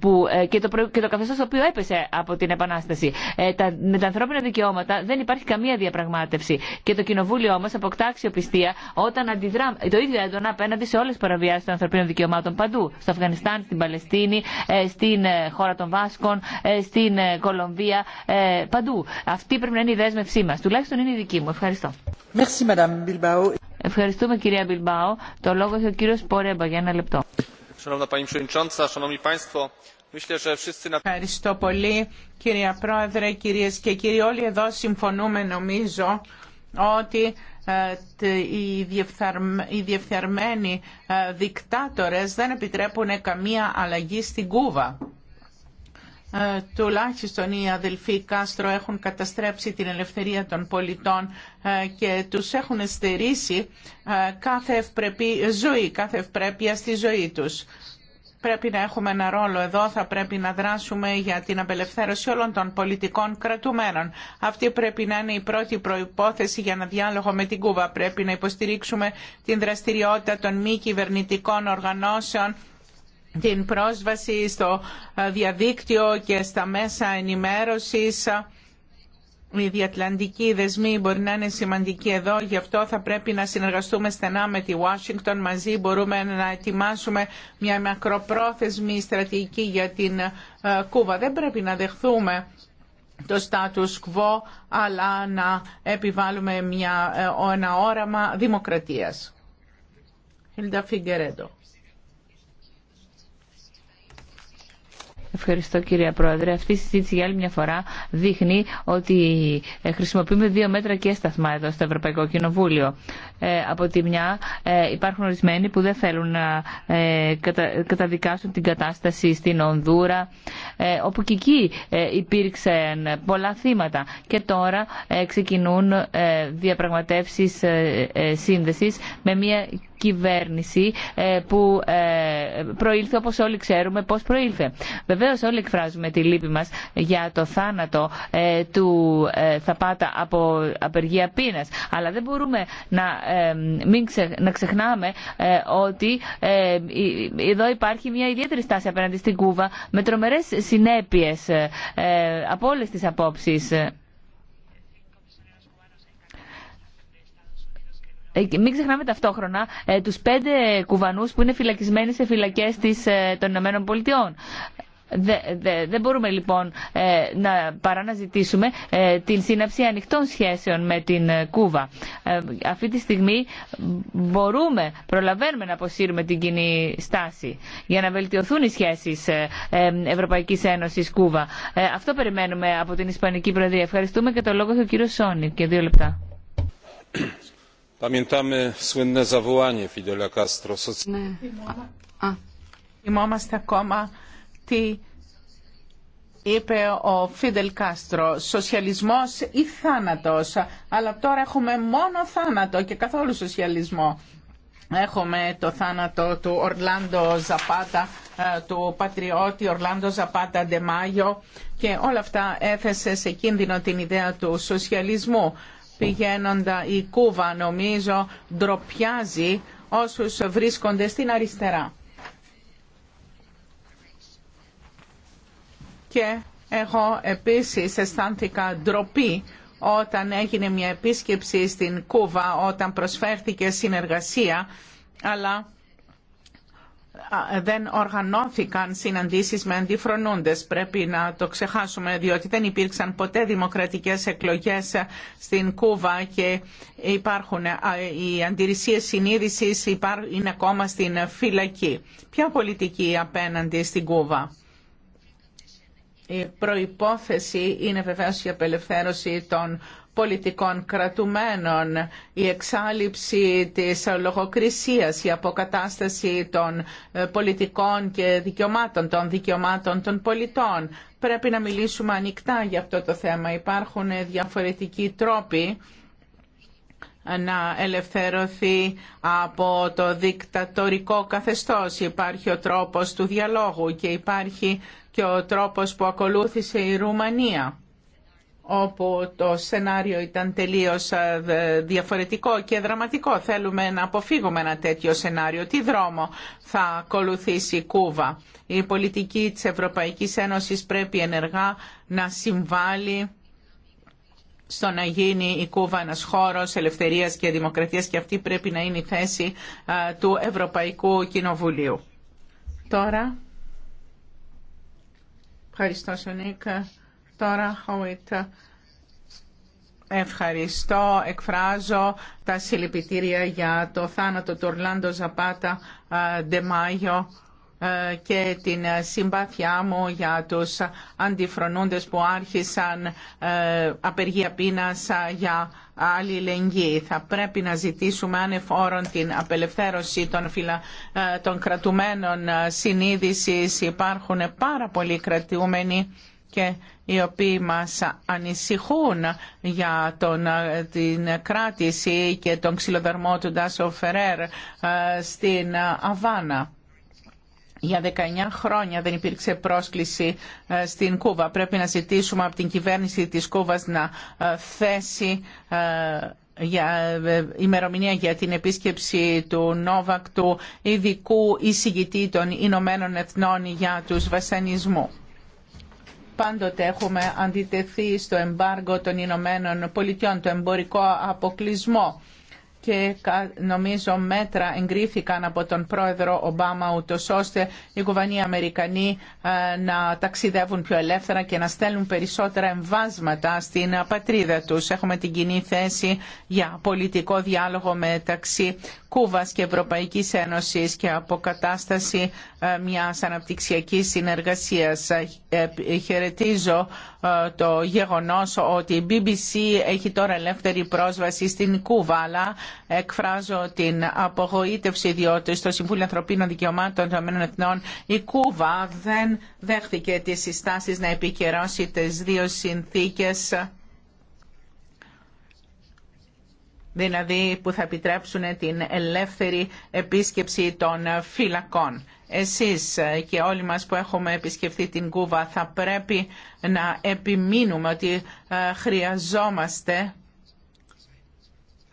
που, και το, και το το οποίο έπεσε από την Επανάσταση. Τα, με τα ανθρώπινα δικαιώματα δεν υπάρχει καμία διαπραγμάτευση. Και το Κοινοβούλιο μα αποκτά αξιοπιστία όταν αντιδρά το ίδιο έντονα απέναντι σε όλε τι παραβιάσει των ανθρωπίνων δικαιωμάτων παντού. Στο Αφγανιστάν, στην Παλαιστίνη, ε, στην ε, χώρα των Βάσκων, ε, στην Κολομβία, παντού. Αυτή πρέπει να είναι η δέσμευσή μα. Τουλάχιστον είναι η δική μου. Ευχαριστώ. Merci, Ευχαριστούμε κυρία Μπιλμπάο. Το λόγο έχει ο κύριο Πορέμπα για ένα λεπτό. Ευχαριστώ πολύ κυρία Πρόεδρε, κυρίες και κύριοι. Όλοι εδώ συμφωνούμε νομίζω ότι ε, οι διεφθαρμένοι ε, δικτάτορες δεν επιτρέπουν καμία αλλαγή στην Κούβα. Ε, τουλάχιστον οι αδελφοί Κάστρο έχουν καταστρέψει την ελευθερία των πολιτών και τους έχουν στερήσει κάθε ευπρεπή ζωή, κάθε ευπρέπεια στη ζωή τους πρέπει να έχουμε ένα ρόλο εδώ, θα πρέπει να δράσουμε για την απελευθέρωση όλων των πολιτικών κρατουμένων. Αυτή πρέπει να είναι η πρώτη προϋπόθεση για ένα διάλογο με την Κούβα. Πρέπει να υποστηρίξουμε την δραστηριότητα των μη κυβερνητικών οργανώσεων την πρόσβαση στο ε, διαδίκτυο και στα μέσα ενημέρωσης οι διατλαντικοί δεσμοί μπορεί να είναι σημαντικοί εδώ, γι' αυτό θα πρέπει να συνεργαστούμε στενά με τη Ουάσιγκτον. Μαζί μπορούμε να ετοιμάσουμε μια μακροπρόθεσμη στρατηγική για την ε, Κούβα. Δεν πρέπει να δεχθούμε το status quo, αλλά να επιβάλλουμε μια, ε, ένα όραμα δημοκρατίας. Hilda Ευχαριστώ κυρία Πρόεδρε. Αυτή η συζήτηση για άλλη μια φορά δείχνει ότι ε, χρησιμοποιούμε δύο μέτρα και σταθμά εδώ στο Ευρωπαϊκό Κοινοβούλιο. Ε, από τη μια ε, υπάρχουν ορισμένοι που δεν θέλουν να ε, κατα, καταδικάσουν την κατάσταση στην Ονδούρα, ε, όπου και εκεί ε, υπήρξαν πολλά θύματα και τώρα ξεκινούν διαπραγματεύσεις σύνδεσης με μια κυβέρνηση που προήλθε όπως όλοι ξέρουμε πώς προήλθε. Βεβαίω όλοι εκφράζουμε τη λύπη μα για το θάνατο ε, του ε, Θαπάτα από απεργία πείνα. Αλλά δεν μπορούμε να, ε, να ξεχνάμε ε, ότι εδώ υπάρχει μια ιδιαίτερη στάση απέναντι στην Κούβα με τρομερέ συνέπειε από όλε τι απόψει. Μην ξεχνάμε ταυτόχρονα τους πέντε κουβανούς που είναι φυλακισμένοι σε φυλακές των Ηνωμένων δεν μπορούμε λοιπόν ε, να, παρά να ζητήσουμε ε, την σύναψη ανοιχτών σχέσεων με την ε, Κούβα. Αυτή τη στιγμή μπορούμε, προλαβαίνουμε να αποσύρουμε την κοινή στάση για να βελτιωθούν οι σχέσεις Ευρωπαϊκής Ένωσης Κούβα. Αυτό περιμένουμε από την Ισπανική Προεδρία. Ευχαριστούμε και το λόγο του κύριο Σόνι και δύο λεπτά. Ναι. Θυμόμαστε ακόμα τι είπε ο Φίδελ Κάστρο, σοσιαλισμός ή θάνατος. Αλλά τώρα έχουμε μόνο θάνατο και καθόλου σοσιαλισμό. Έχουμε το θάνατο του Ορλάντο Ζαπάτα, ε, του πατριώτη Ορλάντο Ζαπάτα Ντεμάγιο και όλα αυτά έθεσε σε κίνδυνο την ιδέα του σοσιαλισμού. Πηγαίνοντα η Κούβα νομίζω ντροπιάζει όσους βρίσκονται στην αριστερά. και εγώ επίσης αισθάνθηκα ντροπή όταν έγινε μια επίσκεψη στην Κούβα, όταν προσφέρθηκε συνεργασία, αλλά δεν οργανώθηκαν συναντήσεις με αντιφρονούντες. Πρέπει να το ξεχάσουμε, διότι δεν υπήρξαν ποτέ δημοκρατικές εκλογές στην Κούβα και υπάρχουν οι αντιρρησίες συνείδησης είναι ακόμα στην φυλακή. Ποια πολιτική απέναντι στην Κούβα. Η προϋπόθεση είναι βεβαίως η απελευθέρωση των πολιτικών κρατουμένων, η εξάλληψη της λογοκρισίας, η αποκατάσταση των ε, πολιτικών και δικαιωμάτων, των δικαιωμάτων των πολιτών. Πρέπει να μιλήσουμε ανοιχτά για αυτό το θέμα. Υπάρχουν ε, διαφορετικοί τρόποι να ελευθερωθεί από το δικτατορικό καθεστώς. Υπάρχει ο τρόπος του διαλόγου και υπάρχει και ο τρόπος που ακολούθησε η Ρουμανία όπου το σενάριο ήταν τελείως ε, διαφορετικό και δραματικό. Θέλουμε να αποφύγουμε ένα τέτοιο σενάριο. Τι δρόμο θα ακολουθήσει η Κούβα. Η πολιτική της Ευρωπαϊκής Ένωσης πρέπει ενεργά να συμβάλλει στο να γίνει η Κούβα χώρος ελευθερίας και δημοκρατίας και αυτή πρέπει να είναι η θέση του Ευρωπαϊκού Κοινοβουλίου. Τώρα, ευχαριστώ Σονίκ, τώρα Χόιτ, ευχαριστώ, εκφράζω τα συλληπιτήρια για το θάνατο του Ορλάντο Ζαπάτα Ντεμάγιο ε, και την συμπάθειά μου για τους αντιφρονούντες που άρχισαν ε, απεργία πείνας για αλληλεγγύη. Θα πρέπει να ζητήσουμε ανεφόρον την απελευθέρωση των, ε, των κρατουμένων συνείδησης. Υπάρχουν πάρα πολλοί κρατούμενοι και οι οποίοι μας ανησυχούν για τον, την κράτηση και τον ξυλοδαρμό του Ντάσο Φερέρ στην Αβάνα. Για 19 χρόνια δεν υπήρξε πρόσκληση ε, στην Κούβα. Πρέπει να ζητήσουμε από την κυβέρνηση της Κούβας να ε, θέσει ε, για ημερομηνία για την επίσκεψη του Νόβακ, του ειδικού εισηγητή των Ηνωμένων Εθνών για τους βασανισμού. Πάντοτε έχουμε αντιτεθεί στο εμπάργο των Ηνωμένων Πολιτειών, το εμπορικό αποκλεισμό και νομίζω μέτρα εγκρίθηκαν από τον πρόεδρο Ομπάμα ούτω ώστε οι κουβανοί Αμερικανοί ε, να ταξιδεύουν πιο ελεύθερα και να στέλνουν περισσότερα εμβάσματα στην πατρίδα τους. Έχουμε την κοινή θέση για πολιτικό διάλογο μεταξύ Κούβας και Ευρωπαϊκής Ένωσης και αποκατάσταση ε, μιας αναπτυξιακής συνεργασίας. Ε, χαιρετίζω το γεγονός ότι η BBC έχει τώρα ελεύθερη πρόσβαση στην Κούβα, αλλά εκφράζω την απογοήτευση διότι στο Συμβούλιο Ανθρωπίνων Δικαιωμάτων των Εθνών η Κούβα δεν δέχθηκε τις συστάσεις να επικαιρώσει τις δύο συνθήκες δηλαδή που θα επιτρέψουν την ελεύθερη επίσκεψη των φυλακών. Εσείς και όλοι μας που έχουμε επισκεφθεί την Κούβα θα πρέπει να επιμείνουμε ότι ε, χρειαζόμαστε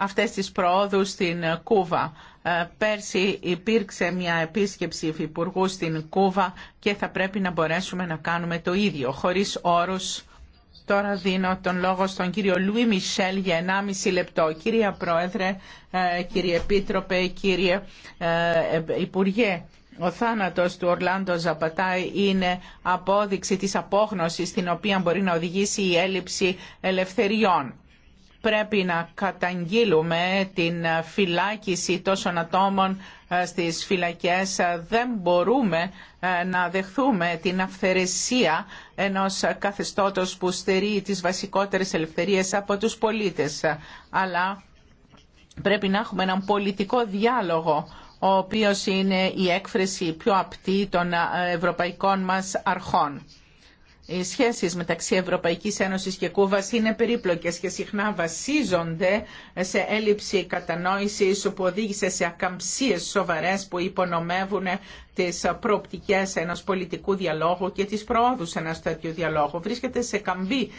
αυτές τις προόδους στην Κούβα. Ε, πέρσι υπήρξε μια επίσκεψη υφυπουργού στην Κούβα και θα πρέπει να μπορέσουμε να κάνουμε το ίδιο, χωρίς όρους. Τώρα δίνω τον λόγο στον κύριο Λουί Μισελ για 1,5 λεπτό. Κύριε Πρόεδρε, ε, κύριε Επίτροπε, κύριε ε, Υπουργέ, ο θάνατος του Ορλάντο Ζαπατάη είναι απόδειξη της απόγνωσης την οποία μπορεί να οδηγήσει η έλλειψη ελευθεριών πρέπει να καταγγείλουμε την φυλάκιση τόσων ατόμων ε, στις φυλακές. Ε, δεν μπορούμε ε, να δεχθούμε την αυθαιρεσία ενός καθεστώτος που στερεί τις βασικότερες ελευθερίες από τους πολίτες. Αλλά πρέπει να έχουμε έναν πολιτικό διάλογο ο οποίος είναι η έκφραση πιο απτή των ευρωπαϊκών μας αρχών. Οι σχέσεις μεταξύ Ευρωπαϊκής Ένωσης και Κούβας είναι περίπλοκες και συχνά βασίζονται σε έλλειψη κατανόησης που οδήγησε σε ακαμψίες σοβαρές που υπονομεύουν τις προοπτικές ενός πολιτικού διαλόγου και τις προόδους ενός τέτοιου διαλόγου. Βρίσκεται σε καμπή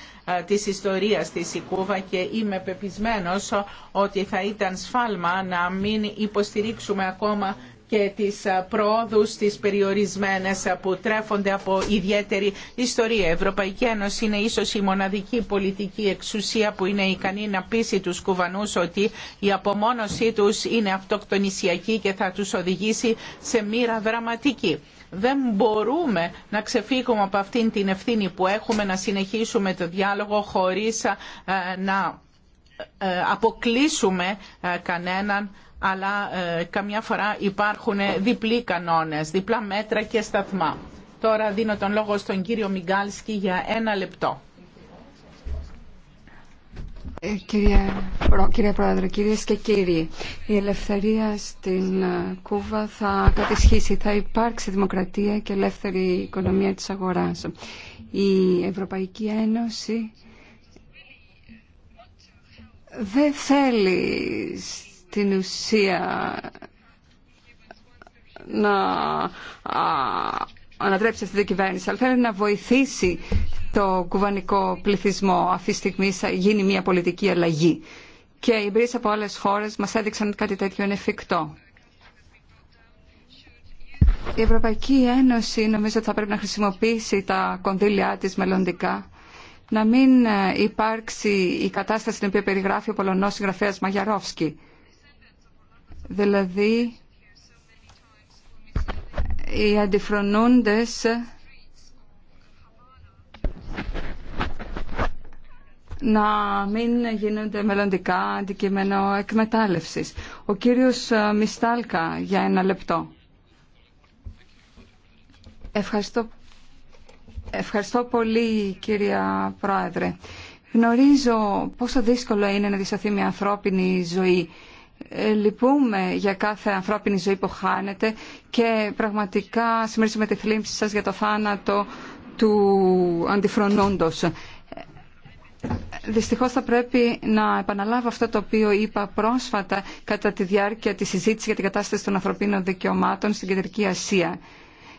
της ιστορίας της η Κούβα και είμαι πεπισμένος ότι θα ήταν σφάλμα να μην υποστηρίξουμε ακόμα και τις προόδους τις περιορισμένες που τρέφονται από ιδιαίτερη ιστορία. Η Ευρωπαϊκή Ένωση είναι ίσως η μοναδική πολιτική εξουσία που είναι ικανή να πείσει τους κουβανούς ότι η απομόνωσή τους είναι αυτοκτονησιακή και θα τους οδηγήσει σε μοίρα δραματική. Δεν μπορούμε να ξεφύγουμε από αυτήν την ευθύνη που έχουμε να συνεχίσουμε το διάλογο χωρίς να ε, αποκλείσουμε κανέναν αλλά ε, καμιά φορά υπάρχουν διπλοί κανόνες, διπλά μέτρα και σταθμά. Τώρα δίνω τον λόγο στον κύριο Μιγκάλσκι για ένα λεπτό. Ε, κύριε, κύριε Πρόεδρε, κυρίες και κύριοι, η ελευθερία στην ε, Κούβα θα κατησχίσει, θα υπάρξει δημοκρατία και ελεύθερη οικονομία της αγοράς. Η Ευρωπαϊκή Ένωση δεν θέλει την ουσία να ανατρέψει αυτή την κυβέρνηση, αλλά θέλει να βοηθήσει το κουβανικό πληθυσμό αυτή τη στιγμή γίνει μια πολιτική αλλαγή. Και οι εμπειρίε από άλλε χώρε μα έδειξαν ότι κάτι τέτοιο είναι εφικτό. Η Ευρωπαϊκή Ένωση νομίζω ότι θα πρέπει να χρησιμοποιήσει τα κονδύλια της μελλοντικά να μην ε, υπάρξει η κατάσταση την οποία περιγράφει ο Πολωνό συγγραφέας Μαγιαρόφσκι. Δηλαδή, οι αντιφρονούντες να μην γίνονται μελλοντικά αντικείμενο εκμετάλλευσης. Ο κύριος Μιστάλκα για ένα λεπτό. Ευχαριστώ, ευχαριστώ πολύ κυρία Πρόεδρε. Γνωρίζω πόσο δύσκολο είναι να δισταθεί μια ανθρώπινη ζωή ε, λυπούμε για κάθε ανθρώπινη ζωή που χάνεται και πραγματικά συμμερίζουμε τη θλίψη σας για το θάνατο του αντιφρονούντος. Ε, δυστυχώς θα πρέπει να επαναλάβω αυτό το οποίο είπα πρόσφατα κατά τη διάρκεια της συζήτησης για την κατάσταση των ανθρωπίνων δικαιωμάτων στην Κεντρική Ασία.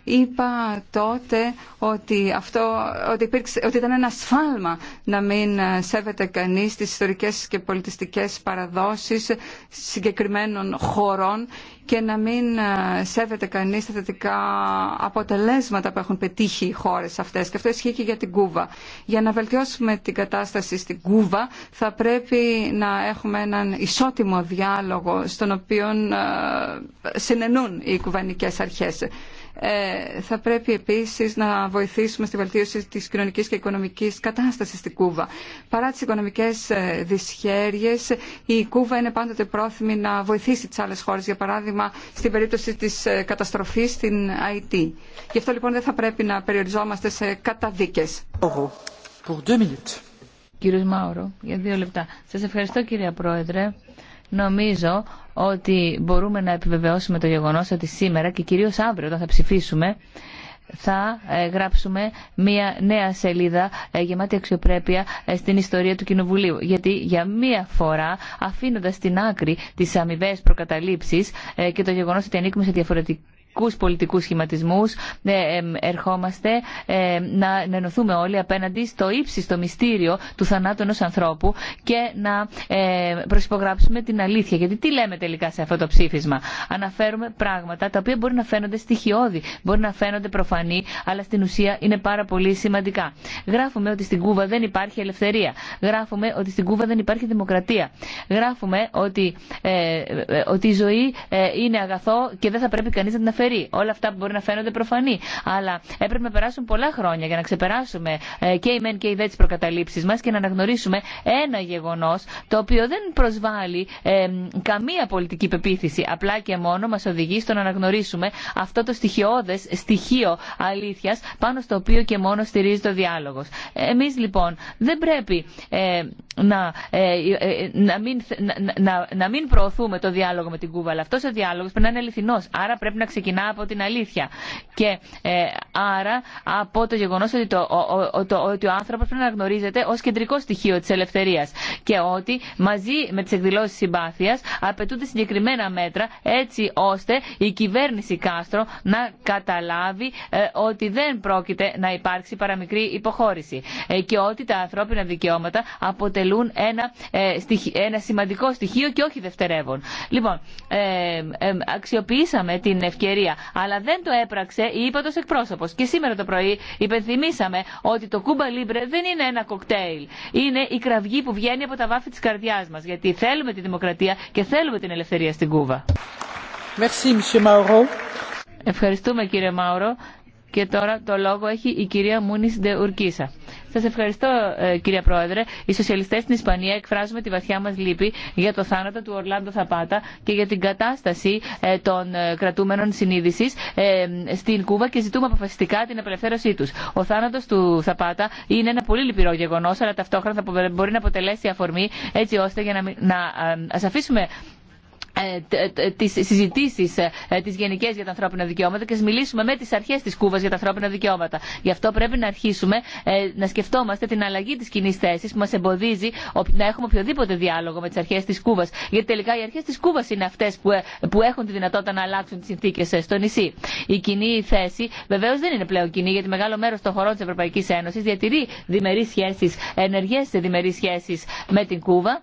Είπα τότε ότι, αυτό, ότι, υπήρξε, ότι ήταν ένα σφάλμα να μην ε, σέβεται κανείς τις ιστορικές και πολιτιστικές παραδόσεις συγκεκριμένων χωρών και να μην ε, σέβεται κανείς τα θετικά αποτελέσματα που έχουν πετύχει οι χώρες αυτές. Και αυτό ισχύει και για την Κούβα. Για να βελτιώσουμε την κατάσταση στην Κούβα θα πρέπει να έχουμε έναν ισότιμο διάλογο στον οποίο ε, συνενούν οι κουβανικές αρχές. Ε, θα πρέπει επίσης να βοηθήσουμε στη βελτίωση της κοινωνικής και οικονομικής κατάστασης στην Κούβα. Παρά τις οικονομικές ε, δυσχέρειες, η Κούβα είναι πάντοτε πρόθυμη να βοηθήσει τις άλλες χώρες, για παράδειγμα στην περίπτωση της ε, καταστροφής στην ΑΙΤ. Γι' αυτό λοιπόν δεν θα πρέπει να περιοριζόμαστε σε καταδίκες. λεπτά. ευχαριστώ κυρία Πρόεδρε. Νομίζω ότι μπορούμε να επιβεβαιώσουμε το γεγονός ότι σήμερα και κυρίως αύριο όταν θα ψηφίσουμε θα ε, γράψουμε μια νέα σελίδα ε, γεμάτη αξιοπρέπεια ε, στην ιστορία του Κοινοβουλίου. Γιατί για μία φορά, αφήνοντα στην άκρη τι αμοιβέ προκαταλήψει και το γεγονό ότι ανήκουμε σε διαφορετική διαφορετικούς πολιτικού σχηματισμούς ναι, ερχόμαστε ε, να ενωθούμε όλοι απέναντι στο ύψιστο μυστήριο του θανάτου ενός ανθρώπου και να ε, προσυπογράψουμε την αλήθεια. Γιατί τι λέμε τελικά σε αυτό το ψήφισμα. Αναφέρουμε πράγματα τα οποία μπορεί να φαίνονται στοιχειώδη, μπορεί να φαίνονται προφανή, αλλά στην ουσία είναι πάρα πολύ σημαντικά. Γράφουμε ότι στην Κούβα δεν υπάρχει ελευθερία. Γράφουμε ότι στην Κούβα δεν υπάρχει δημοκρατία. Γράφουμε ότι, ε, ε ότι η ζωή είναι αγαθό και δεν θα πρέπει κανείς να την αφαιρεί Όλα αυτά που μπορεί να φαίνονται προφανή. Αλλά έπρεπε να περάσουν πολλά χρόνια για να ξεπεράσουμε ε, και οι μεν και οι δε τι προκαταλήψει μα και να αναγνωρίσουμε ένα γεγονό το οποίο δεν προσβάλλει ε, καμία πολιτική πεποίθηση. Απλά και μόνο μα οδηγεί στο να αναγνωρίσουμε αυτό το στοιχειώδε στοιχείο αλήθεια πάνω στο οποίο και μόνο στηρίζει το διάλογο. Εμεί λοιπόν δεν πρέπει ε, ε, ε, να, να, μην, να, μην προωθούμε το διάλογο με την Κούβα. Αλλά αυτός ο διάλογο πρέπει να είναι αληθινό. Άρα πρέπει να ξεκινά από την αλήθεια. Και ε, άρα από το γεγονό ότι, ο, άνθρωπος πρέπει να γνωρίζεται ω κεντρικό στοιχείο τη ελευθερία. Και ότι μαζί με τι εκδηλώσει συμπάθεια απαιτούνται συγκεκριμένα μέτρα έτσι ώστε η κυβέρνηση Κάστρο να καταλάβει ότι δεν πρόκειται να υπάρξει παραμικρή υποχώρηση. και ότι τα ανθρώπινα δικαιώματα αποτελούν αποτελούν ένα, ε, ένα σημαντικό στοιχείο και όχι δευτερεύον. Λοιπόν, ε, ε, αξιοποιήσαμε την ευκαιρία, αλλά δεν το έπραξε η ύπατο εκπρόσωπο. Και σήμερα το πρωί υπενθυμίσαμε ότι το Κούμπα Λίμπρε δεν είναι ένα κοκτέιλ. Είναι η κραυγή που βγαίνει από τα βάφη τη καρδιά μα. Γιατί θέλουμε τη δημοκρατία και θέλουμε την ελευθερία στην Κούβα. Merci, Ευχαριστούμε κύριε Μάουρο. Και τώρα το λόγο έχει η κυρία Μούνη Ντεουρκίσα. Σα ευχαριστώ, ε, κυρία Πρόεδρε. Οι σοσιαλιστέ στην Ισπανία εκφράζουμε τη βαθιά μα λύπη για το θάνατο του Ορλάντο Θαπάτα και για την κατάσταση ε, των ε, κρατούμενων συνείδηση στην Κούβα και ζητούμε αποφασιστικά την απελευθέρωσή του. Ο θάνατο του Θαπάτα είναι ένα πολύ λυπηρό γεγονό, αλλά ταυτόχρονα θα μπορεί να αποτελέσει αφορμή έτσι ώστε για να, να αφήσουμε ε, ε, ε, τις συζητήσεις τις γενικές για τα ανθρώπινα δικαιώματα και μιλήσουμε με τις αρχές της Κούβας για τα ανθρώπινα δικαιώματα. Γι' αυτό πρέπει να αρχίσουμε να σκεφτόμαστε την αλλαγή της κοινή θέση που μας εμποδίζει να έχουμε οποιοδήποτε διάλογο με τις αρχές της Κούβας. Γιατί τελικά οι αρχές της Κούβας είναι αυτές που έχουν τη δυνατότητα να αλλάξουν τις συνθήκες στο νησί. Η κοινή θέση βεβαίως δεν είναι πλέον κοινή γιατί μεγάλο μέρος των χωρών της Ευρωπαϊκής Ένωσης διατηρεί διμερείς σχέσεις, ενεργές διμερείς σχέσεις με την Κούβα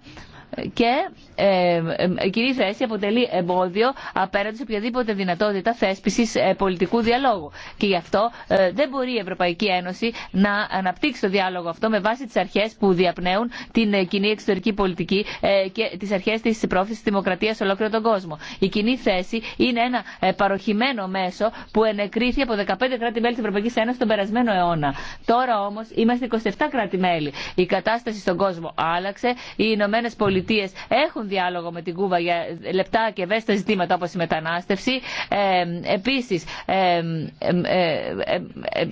και ε, ε, η κοινή θέση αποτελεί εμπόδιο απέναντι σε οποιαδήποτε δυνατότητα θέσπιση ε, πολιτικού διαλόγου. Και γι' αυτό δεν μπορεί η Ευρωπαϊκή Ένωση να αναπτύξει το διάλογο αυτό με βάση τι αρχέ που διαπνέουν την κοινή εξωτερική πολιτική και τι αρχέ τη πρόθεση τη δημοκρατία σε ολόκληρο τον κόσμο. Η κοινή θέση είναι ένα παροχημένο μέσο που ενεκρίθη από 15 κράτη-μέλη τη Ευρωπαϊκή Ένωση τον περασμένο αιώνα. Τώρα όμω είμαστε 27 κράτη-μέλη. Η κατάσταση στον κόσμο άλλαξε. Οι Ηνωμένε Πολιτείε έχουν διάλογο με την Κούβα για λεπτά και ευαίσθητα ζητήματα όπω η μετανάστευση. Ε, Επίση, ε, ε,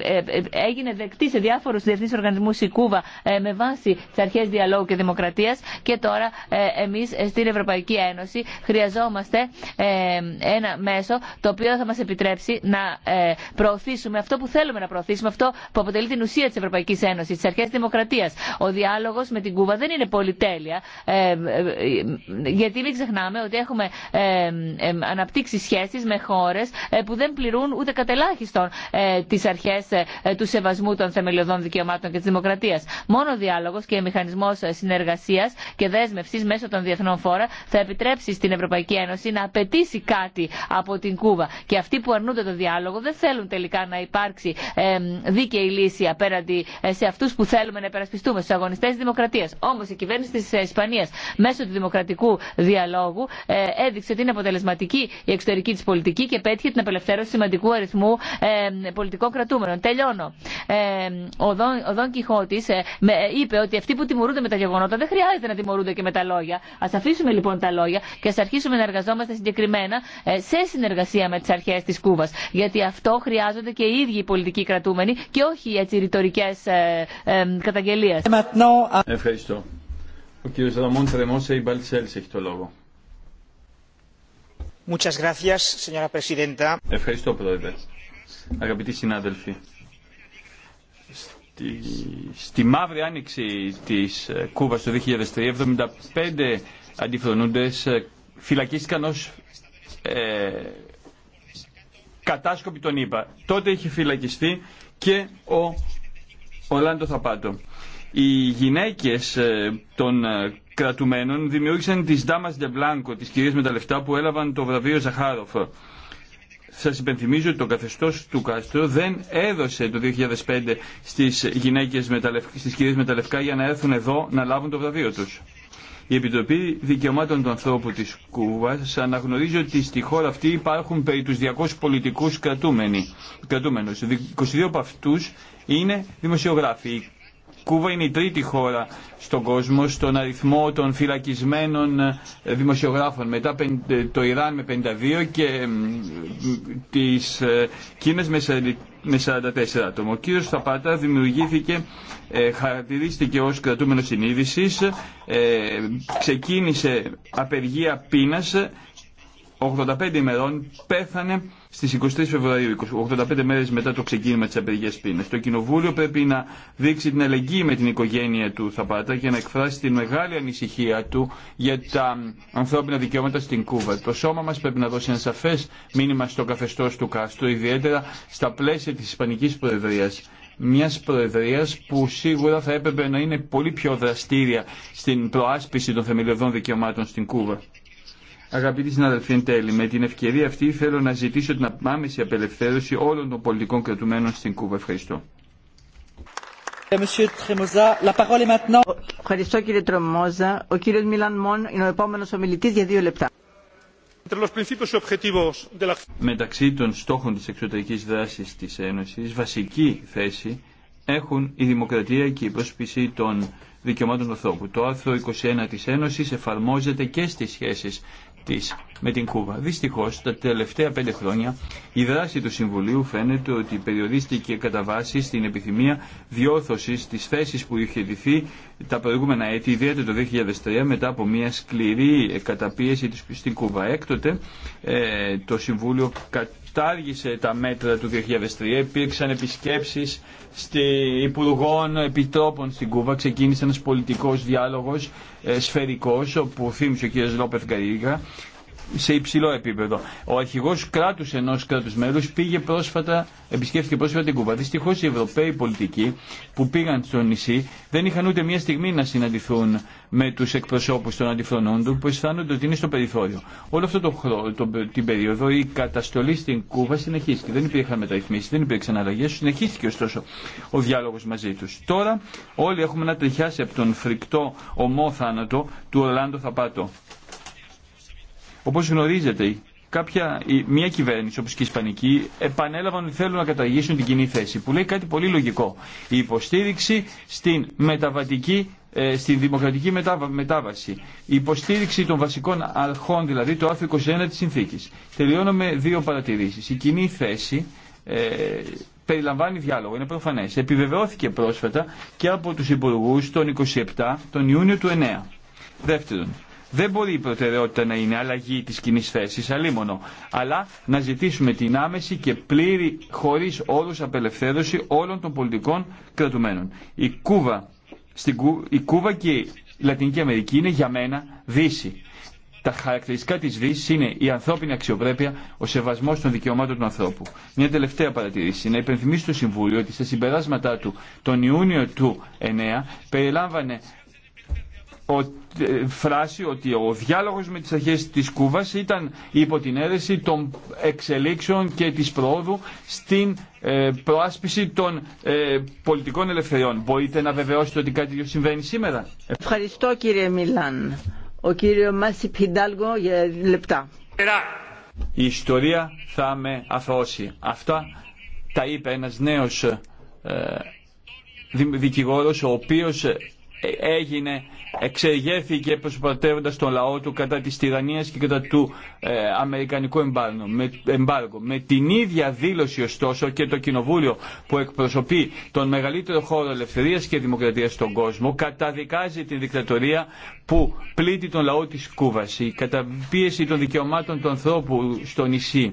ε, έγινε δεκτή σε διάφορου διεθνεί οργανισμού η Κούβα με βάση τι αρχέ διαλόγου και δημοκρατία και τώρα εμεί στην Ευρωπαϊκή Ένωση χρειαζόμαστε ένα μέσο το οποίο θα μα επιτρέψει να προωθήσουμε αυτό που θέλουμε να προωθήσουμε, αυτό που αποτελεί την ουσία τη Ευρωπαϊκή Ένωση, τι αρχέ δημοκρατία. Ο διάλογο με την Κούβα δεν είναι πολυτέλεια. Ε, ε, ε, ε, γιατί μην ξεχνάμε ότι έχουμε αναπτύξει σχέσεις με χώρες που δεν πληρούν ούτε κατελάχιστον τις αρχές του σεβασμού των θεμελιωδών δικαιωμάτων και της δημοκρατίας. Μόνο ο διάλογος και μηχανισμό μηχανισμός συνεργασίας και δέσμευσης μέσω των διεθνών φόρων θα επιτρέψει στην Ευρωπαϊκή Ένωση να απαιτήσει κάτι από την Κούβα. Και αυτοί που αρνούνται το διάλογο δεν θέλουν τελικά να υπάρξει δίκαιη λύση απέναντι σε αυτούς που θέλουμε να υπερασπιστούμε, στου αγωνιστές της δημοκρατίας. Όμως η κυβέρνηση της Ισπανία μέσω του δημοκρατικού διαλόγου ε, έδειξε ότι είναι αποτελεσματική η εξωτερική τη πολιτική και πέτυχε την απελευθέρωση σημαντικού αριθμού ε, πολιτικών κρατούμενων. Τελειώνω. Ε, ο Δον, ο Κιχώτης είπε ότι αυτοί που τιμωρούνται με τα γεγονότα δεν χρειάζεται να τιμωρούνται και με τα λόγια. Α αφήσουμε λοιπόν τα λόγια και α αρχίσουμε να εργαζόμαστε συγκεκριμένα σε συνεργασία με τι αρχέ τη Κούβα. Γιατί αυτό χρειάζονται και οι ίδιοι οι πολιτικοί κρατούμενοι και όχι οι ρητορικέ καταγγελίε. Ευχαριστώ. Ο κύριος Ραμόν Τρεμόσε, η Μπαλτσέλς έχει το λόγο. Ευχαριστώ, Πρόεδρε. Αγαπητοί συνάδελφοι, στη, στη μαύρη άνοιξη της ε, Κούβας το 2003, 75 αντιφρονούντες ε, φυλακίστηκαν ως ε, κατάσκοποι των ΉΠΑ. Τότε είχε φυλακιστεί και ο Ολάντο Θαπάτο. Οι γυναίκε ε, των ε, κρατουμένων δημιούργησαν τις Ντάμα Δεμπλάνκο, τις κυρίες με τα λεφτά που έλαβαν το βραβείο Ζαχάροφ. Σα υπενθυμίζω ότι το καθεστώ του Κάστρο δεν έδωσε το 2005 στι γυναίκε στις κυρίες με τα λευκά για να έρθουν εδώ να λάβουν το βραβείο του. Η Επιτροπή Δικαιωμάτων του Ανθρώπου της Κούβας αναγνωρίζει ότι στη χώρα αυτή υπάρχουν περί τους 200 πολιτικούς κρατούμενους. 22 από αυτούς είναι δημοσιογράφοι. Κούβα είναι η τρίτη χώρα στον κόσμο στον αριθμό των φυλακισμένων ε, δημοσιογράφων. Μετά ε, το Ιράν με 52 και ε, τις Κίνες με 44 άτομα. Ο κύριος Σταπάτα δημιουργήθηκε, χαρακτηρίστηκε ως κρατούμενος συνείδησης, ξεκίνησε απεργία πείνας 85 ημερών πέθανε στι 23 Φεβρουαρίου, 85 μέρε μετά το ξεκίνημα τη απεργία πείνα. Το Κοινοβούλιο πρέπει να δείξει την αλληλεγγύη με την οικογένεια του Θαπάτα και να εκφράσει την μεγάλη ανησυχία του για τα ανθρώπινα δικαιώματα στην Κούβα. Το σώμα μα πρέπει να δώσει ένα σαφέ μήνυμα στο καθεστώ του Κάστρο, ιδιαίτερα στα πλαίσια τη Ισπανική Προεδρία μια προεδρία που σίγουρα θα έπρεπε να είναι πολύ πιο δραστήρια στην προάσπιση των θεμελιωδών δικαιωμάτων στην Κούβα. Αγαπητοί συνάδελφοι, εν τέλει, με την ευκαιρία αυτή θέλω να ζητήσω την άμεση απελευθέρωση όλων των πολιτικών κρατουμένων στην Κούβα. Ευχαριστώ. Ε, Ευχαριστώ κύριε Τρομόζα. Ο κύριος Μιλάν Μον είναι ο επόμενος ομιλητής για δύο λεπτά. Μεταξύ των στόχων της εξωτερικής δράσης της Ένωσης, βασική θέση έχουν η δημοκρατία και η πρόσπιση των δικαιωμάτων του ανθρώπου. Το άρθρο 21 της Ένωσης εφαρμόζεται και στις σχέσεις της με την Κούβα. Δυστυχώς, τα τελευταία πέντε χρόνια η δράση του Συμβουλίου φαίνεται ότι περιορίστηκε κατά βάση στην επιθυμία διόρθωσης της θέσης που είχε δηθεί τα προηγούμενα έτη, ιδιαίτερα το 2003, μετά από μια σκληρή καταπίεση στην Κούβα. Έκτοτε ε, το Συμβούλιο Κτάργησε τα μέτρα του 2003. Υπήρξαν επισκέψεις υπουργών επιτρόπων στην Κούβα. Ξεκίνησε ένα πολιτικός διάλογος ε, σφαιρικός, όπου θύμισε ο κ. Λόπεθ Γκαρίγκα σε υψηλό επίπεδο. Ο αρχηγό κράτου ενό κράτου μέλου πήγε πρόσφατα, επισκέφθηκε πρόσφατα την Κούβα. Δυστυχώ οι Ευρωπαίοι πολιτικοί που πήγαν στο νησί δεν είχαν ούτε μία στιγμή να συναντηθούν με του εκπροσώπου των αντιφρονών του που αισθάνονται ότι είναι στο περιθώριο. Όλο αυτό το χρόνο, το, την περίοδο η καταστολή στην Κούβα συνεχίστηκε. Δεν υπήρχαν μεταρρυθμίσει, δεν υπήρξαν αλλαγέ. Συνεχίστηκε ωστόσο ο διάλογο μαζί του. Τώρα όλοι έχουμε να τριχιάσει από τον φρικτό ομό του Ορλάντο Θαπάτο. Όπως γνωρίζετε, κάποια, μια κυβέρνηση όπως και η Ισπανική επανέλαβαν ότι θέλουν να καταργήσουν την κοινή θέση που λέει κάτι πολύ λογικό. Η υποστήριξη στην μεταβατική ε, στη δημοκρατική μετάβαση. Η υποστήριξη των βασικών αρχών, δηλαδή το άρθρο 21 της συνθήκης. Τελειώνω με δύο παρατηρήσεις. Η κοινή θέση ε, περιλαμβάνει διάλογο, είναι προφανές. Επιβεβαιώθηκε πρόσφατα και από τους υπουργού τον 27 τον Ιούνιο του 9. Δεύτερον, δεν μπορεί η προτεραιότητα να είναι αλλαγή της κοινή θέση, αλίμονο, αλλά να ζητήσουμε την άμεση και πλήρη, χωρίς όρους, απελευθέρωση όλων των πολιτικών κρατουμένων. Η Κούβα, στην Κου, η Κούβα και η Λατινική Αμερική είναι για μένα δύση. Τα χαρακτηριστικά της δύσης είναι η ανθρώπινη αξιοπρέπεια, ο σεβασμός των δικαιωμάτων του ανθρώπου. Μια τελευταία παρατηρήση. Να υπενθυμίσει το Συμβούλιο ότι στα συμπεράσματά του τον Ιούνιο του 9 περιλάμβανε ε, φράση ότι ο διάλογος με τις αρχές της Κούβας ήταν υπό την αίρεση των εξελίξεων και της προόδου στην ε, προάσπιση των ε, πολιτικών ελευθεριών. Μπορείτε να βεβαιώσετε ότι κάτι τέτοιο συμβαίνει σήμερα. Ευχαριστώ κύριε Μιλάν. Ο κύριο Μάση Πιντάλγο για λεπτά. Η ιστορία θα με αθώσει. Αυτά τα είπε ένας νέος δικηγόρος ο οποίος έγινε εξεργέθηκε προσπατεύοντας τον λαό του κατά της τυραννίας και κατά του ε, αμερικανικού εμπάργου. Με, την ίδια δήλωση ωστόσο και το κοινοβούλιο που εκπροσωπεί τον μεγαλύτερο χώρο ελευθερίας και δημοκρατίας στον κόσμο καταδικάζει την δικτατορία που πλήττει τον λαό της Κούβας. Η καταπίεση των δικαιωμάτων του ανθρώπου στο νησί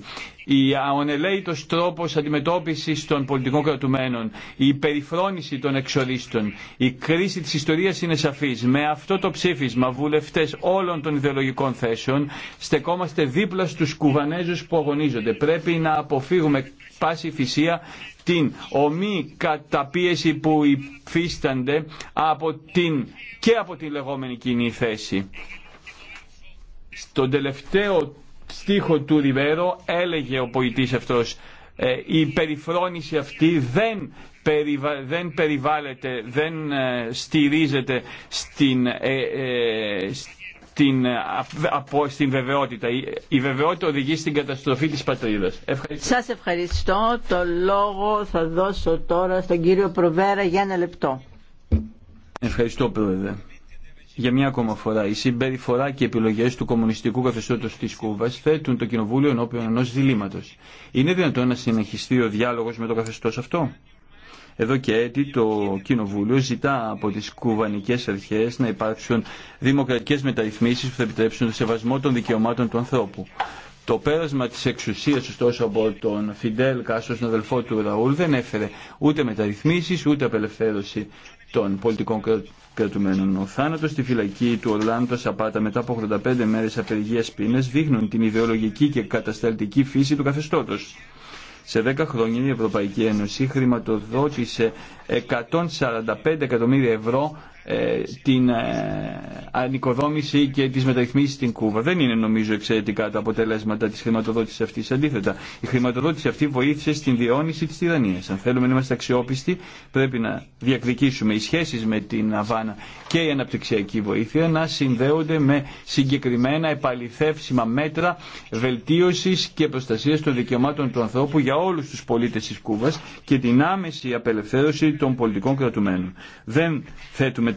η αονελέητος τρόπος αντιμετώπισης των πολιτικών κρατουμένων, η περιφρόνηση των εξορίστων, η κρίση της ιστορίας είναι σαφής με αυτό το ψήφισμα βουλευτές όλων των ιδεολογικών θέσεων στεκόμαστε δίπλα στους κουβανέζους που αγωνίζονται. Πρέπει να αποφύγουμε πάση φυσία την ομή καταπίεση που υφίστανται από την, και από την λεγόμενη κοινή θέση. Στον τελευταίο στίχο του Ριβέρο έλεγε ο ποιητής αυτός ε, η περιφρόνηση αυτή δεν δεν περιβάλλεται, δεν ε, στηρίζεται στην, ε, ε από, στην βεβαιότητα. Η, βεβαιότητα οδηγεί στην καταστροφή της πατρίδας. Ευχαριστώ. Σας ευχαριστώ. Το λόγο θα δώσω τώρα στον κύριο Προβέρα για ένα λεπτό. Ευχαριστώ Πρόεδρε. Για μια ακόμα φορά, η συμπεριφορά και οι επιλογέ του κομμουνιστικού καθεστώτο τη Κούβα θέτουν το Κοινοβούλιο ενώπιον ενό διλήμματο. Είναι δυνατόν να συνεχιστεί ο διάλογο με το καθεστώ αυτό. Εδώ και έτη το Κοινοβούλιο ζητά από τις κουβανικές αρχές να υπάρξουν δημοκρατικές μεταρρυθμίσεις που θα επιτρέψουν το σεβασμό των δικαιωμάτων του ανθρώπου. Το πέρασμα της εξουσίας ωστόσο από τον Φιντέλ Κάστρο, τον αδελφό του Ραούλ, δεν έφερε ούτε μεταρρυθμίσεις ούτε απελευθέρωση των πολιτικών κρατουμένων. Ο θάνατος στη φυλακή του Ορλάντο Σαπάτα μετά από 85 μέρες απεργίας πίνες δείχνουν την ιδεολογική και κατασταλτική φύση του καθεστώτος. Σε 10 χρόνια η Ευρωπαϊκή Ένωση χρηματοδότησε 145 εκατομμύρια ευρώ ε, την ε, ανοικοδόμηση και τις μεταρρυθμίσεις στην Κούβα. Δεν είναι νομίζω εξαιρετικά τα αποτελέσματα της χρηματοδότησης αυτής. Αντίθετα, η χρηματοδότηση αυτή βοήθησε στην διαιώνιση της τυραννίας. Αν θέλουμε να είμαστε αξιόπιστοι πρέπει να διακδικήσουμε οι σχέσεις με την Αβάνα και η αναπτυξιακή βοήθεια να συνδέονται με συγκεκριμένα επαληθεύσιμα μέτρα βελτίωσης και προστασίας των δικαιωμάτων του ανθρώπου για όλους τους πολίτες της Κούβας και την άμεση απελευθέρωση των πολιτικών κρατουμένων. Δεν θέτουμε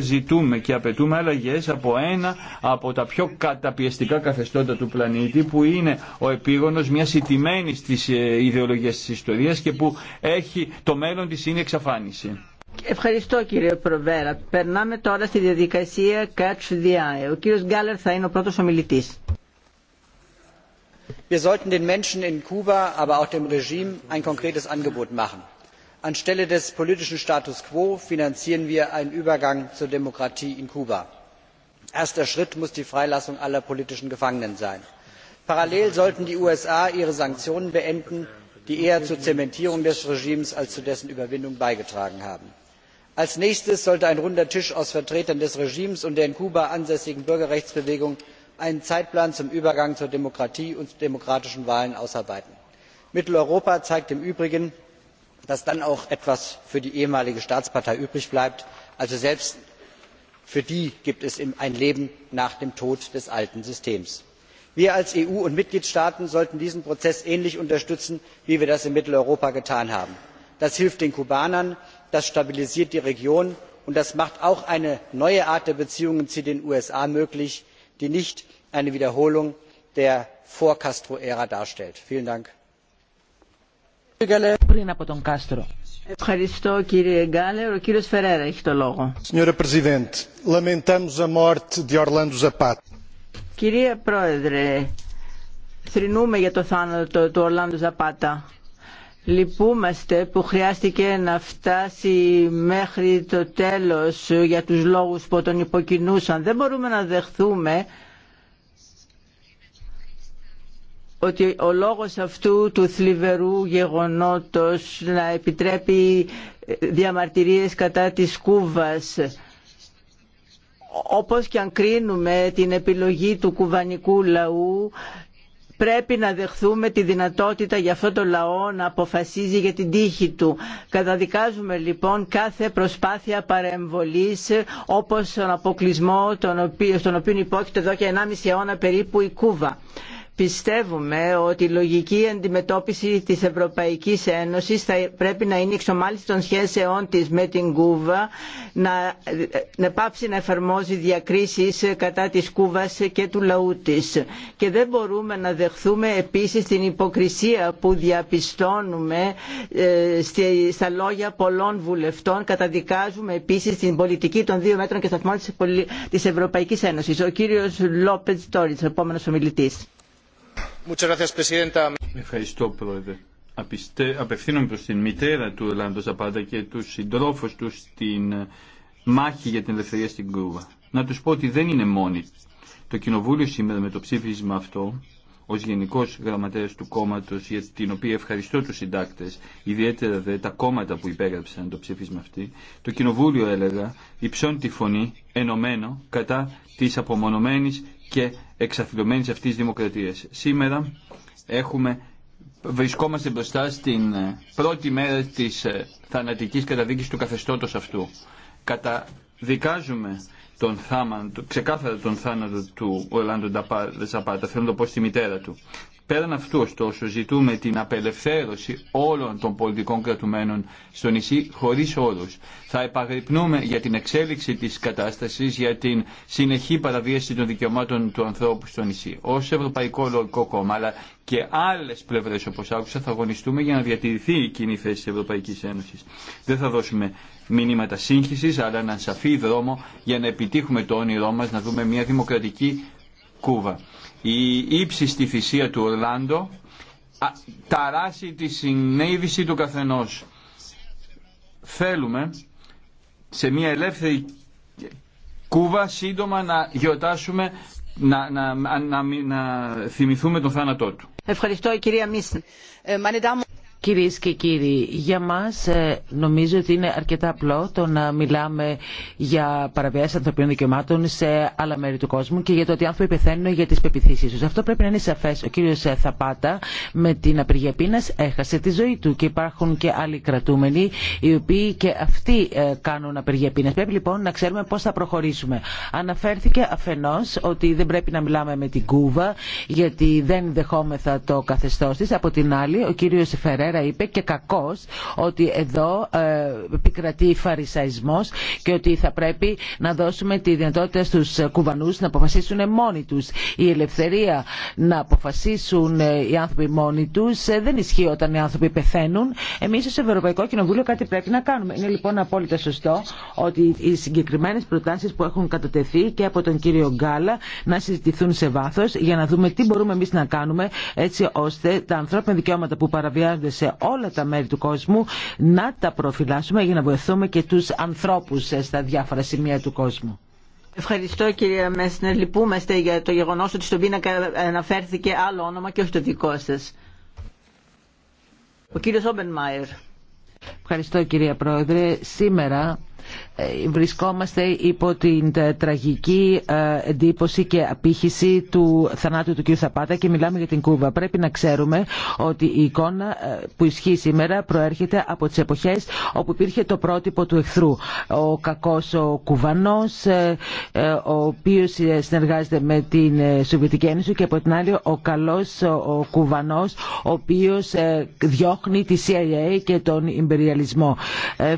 ζητούμε και απαιτούμε αλλαγέ από ένα από τα πιο καταπιεστικά καθεστώτα του πλανήτη που είναι ο επίγονό μια ιτημένη τη ε, ιδεολογία τη ιστορία και που έχει το μέλλον τη είναι εξαφάνιση. Ευχαριστώ κύριε Προβέρα. Περνάμε τώρα στη διαδικασία Catch the Eye. Ο κύριος Γκάλερ θα είναι ο πρώτος ομιλητής. Wir sollten den Menschen in Kuba, aber auch dem Regime ein konkretes Angebot machen anstelle des politischen status quo finanzieren wir einen übergang zur demokratie in kuba. erster schritt muss die freilassung aller politischen gefangenen sein. parallel sollten die usa ihre sanktionen beenden die eher zur zementierung des regimes als zu dessen überwindung beigetragen haben. als nächstes sollte ein runder tisch aus vertretern des regimes und der in kuba ansässigen bürgerrechtsbewegung einen zeitplan zum übergang zur demokratie und demokratischen wahlen ausarbeiten. mitteleuropa zeigt im übrigen dass dann auch etwas für die ehemalige staatspartei übrig bleibt. also selbst für die gibt es ein leben nach dem tod des alten systems. wir als eu und mitgliedstaaten sollten diesen prozess ähnlich unterstützen wie wir das in mitteleuropa getan haben. das hilft den kubanern das stabilisiert die region und das macht auch eine neue art der beziehungen zu den usa möglich die nicht eine wiederholung der vor castro ära darstellt. Πριν από τον Κάστρο. Ευχαριστώ κύριε Γκάλερ. Ο κύριος Φερέρα έχει το λόγο. Κυρία Πρόεδρε, θρυνούμε για το θάνατο του Ορλάντο Ζαπάτα. Λυπούμαστε που χρειάστηκε να φτάσει μέχρι το τέλος για τους λόγους που τον υποκινούσαν. Δεν μπορούμε να δεχθούμε ότι ο λόγος αυτού του θλιβερού γεγονότος να επιτρέπει ε, διαμαρτυρίες κατά της Κούβας όπως και αν κρίνουμε την επιλογή του κουβανικού λαού πρέπει να δεχθούμε τη δυνατότητα για αυτό το λαό να αποφασίζει για την τύχη του. Καταδικάζουμε λοιπόν κάθε προσπάθεια παρεμβολής όπως τον αποκλεισμό στον οποίο υπόκειται εδώ και 1,5 αιώνα περίπου η Κούβα πιστεύουμε ότι η λογική αντιμετώπιση της Ευρωπαϊκής Ένωσης θα πρέπει να είναι η εξομάλυση των σχέσεών της με την Κούβα, να, πάψει να εφαρμόζει διακρίσεις κατά της Κούβας και του λαού της. Και δεν μπορούμε να δεχθούμε επίσης την υποκρισία που διαπιστώνουμε ε, στα λόγια πολλών βουλευτών. Καταδικάζουμε επίσης την πολιτική των δύο μέτρων και σταθμών της Ευρωπαϊκής Ένωσης. Ο κύριος Λόπετ Τόριτς, ο επόμενος Ευχαριστώ, Πρόεδρε. Απευθύνομαι προς την μητέρα του Ελλάδος Απάντα και τους συντρόφους του στην ε, μάχη για την ελευθερία στην Κούβα. Να τους πω ότι δεν είναι μόνοι. Το Κοινοβούλιο σήμερα με το ψήφισμα αυτό, ως Γενικός Γραμματέας του Κόμματος, για την οποία ευχαριστώ τους συντάκτες, ιδιαίτερα δε τα κόμματα που υπέγραψαν το ψήφισμα αυτή, το Κοινοβούλιο έλεγα υψώνει τη φωνή ενωμένο κατά της απομονωμένης και σε αυτή τη δημοκρατία. Σήμερα έχουμε, βρισκόμαστε μπροστά στην ε, πρώτη μέρα της ε, θανατικής καταδίκη του καθεστώτο αυτού. Καταδικάζουμε τον θάμαντο, ξεκάθαρα τον θάνατο του Ορλάντο Ζαπάτα, θέλω να το πω στη μητέρα του. Πέραν αυτού, ωστόσο, ζητούμε την απελευθέρωση όλων των πολιτικών κρατουμένων στο νησί χωρί όρου. Θα επαγρυπνούμε για την εξέλιξη τη κατάσταση, για την συνεχή παραβίαση των δικαιωμάτων του ανθρώπου στο νησί. Ω Ευρωπαϊκό Λογικό Κόμμα, αλλά και άλλε πλευρέ, όπω άκουσα, θα αγωνιστούμε για να διατηρηθεί η κοινή θέση τη Ευρωπαϊκή Ένωση. Δεν θα δώσουμε μηνύματα σύγχυση, αλλά έναν σαφή δρόμο για να επιτύχουμε το όνειρό μα να δούμε μια δημοκρατική Κούβα η ύψιστη θυσία του Ορλάντο ταράσει τη συνείδηση του καθενός. Θέλουμε σε μια ελεύθερη Κούβα σύντομα να γιοτάσουμε, να, να, να, να θυμηθούμε τον θάνατό του. Ε, Κυρίες και κύριοι, για μας ε, νομίζω ότι είναι αρκετά απλό το να μιλάμε για παραβιάσεις ανθρωπίνων δικαιωμάτων σε άλλα μέρη του κόσμου και για το ότι οι άνθρωποι πεθαίνουν για τις πεπιθήσεις τους. Αυτό πρέπει να είναι σαφές. Ο κύριος ε, Θαπάτα με την απεργία πείνας έχασε τη ζωή του και υπάρχουν και άλλοι κρατούμενοι οι οποίοι και αυτοί ε, κάνουν απεργία πείνας. Πρέπει λοιπόν να ξέρουμε πώς θα προχωρήσουμε. Αναφέρθηκε αφενός ότι δεν πρέπει να μιλάμε με την Κούβα γιατί δεν δεχόμεθα το καθεστώς της. Από την άλλη ο κύριος Φερέρα Σήμερα είπε και κακός ότι εδώ ε, επικρατεί φαρισαϊσμός και ότι θα πρέπει να δώσουμε τη δυνατότητα στους Κουβανούς να αποφασίσουν μόνοι τους. Η ελευθερία να αποφασίσουν ε, οι άνθρωποι μόνοι τους ε, δεν ισχύει όταν οι άνθρωποι πεθαίνουν. Εμείς ως Ευρωπαϊκό Κοινοβούλιο κάτι πρέπει να κάνουμε. Είναι λοιπόν απόλυτα σωστό ότι οι συγκεκριμένες προτάσεις που έχουν κατατεθεί και από τον κύριο Γκάλα να συζητηθούν σε βάθος για να δούμε τι μπορούμε εμείς να κάνουμε έτσι ώστε τα ανθρώπινα δικαιώματα που παραβιάζονται σε όλα τα μέρη του κόσμου να τα προφυλάσσουμε για να βοηθούμε και τους ανθρώπους στα διάφορα σημεία του κόσμου. Ευχαριστώ κυρία Μέσνερ. Λυπούμαστε για το γεγονός ότι στον πίνακα αναφέρθηκε άλλο όνομα και όχι το δικό σας. Ο κύριος Όμπεν Ευχαριστώ κυρία Πρόεδρε. Σήμερα βρισκόμαστε υπό την τραγική ε, εντύπωση και απήχηση του θανάτου του κ. Σαπάτα και μιλάμε για την Κούβα. Πρέπει να ξέρουμε ότι η εικόνα ε, που ισχύει σήμερα προέρχεται από τις εποχές όπου υπήρχε το πρότυπο του εχθρού. Ο κακός ο Κουβανός, ε, ο οποίος συνεργάζεται με την Σοβιετική Ένωση και από την άλλη ο καλός ο Κουβανός, ο οποίος διώχνει τη CIA και τον υπεριαλισμό.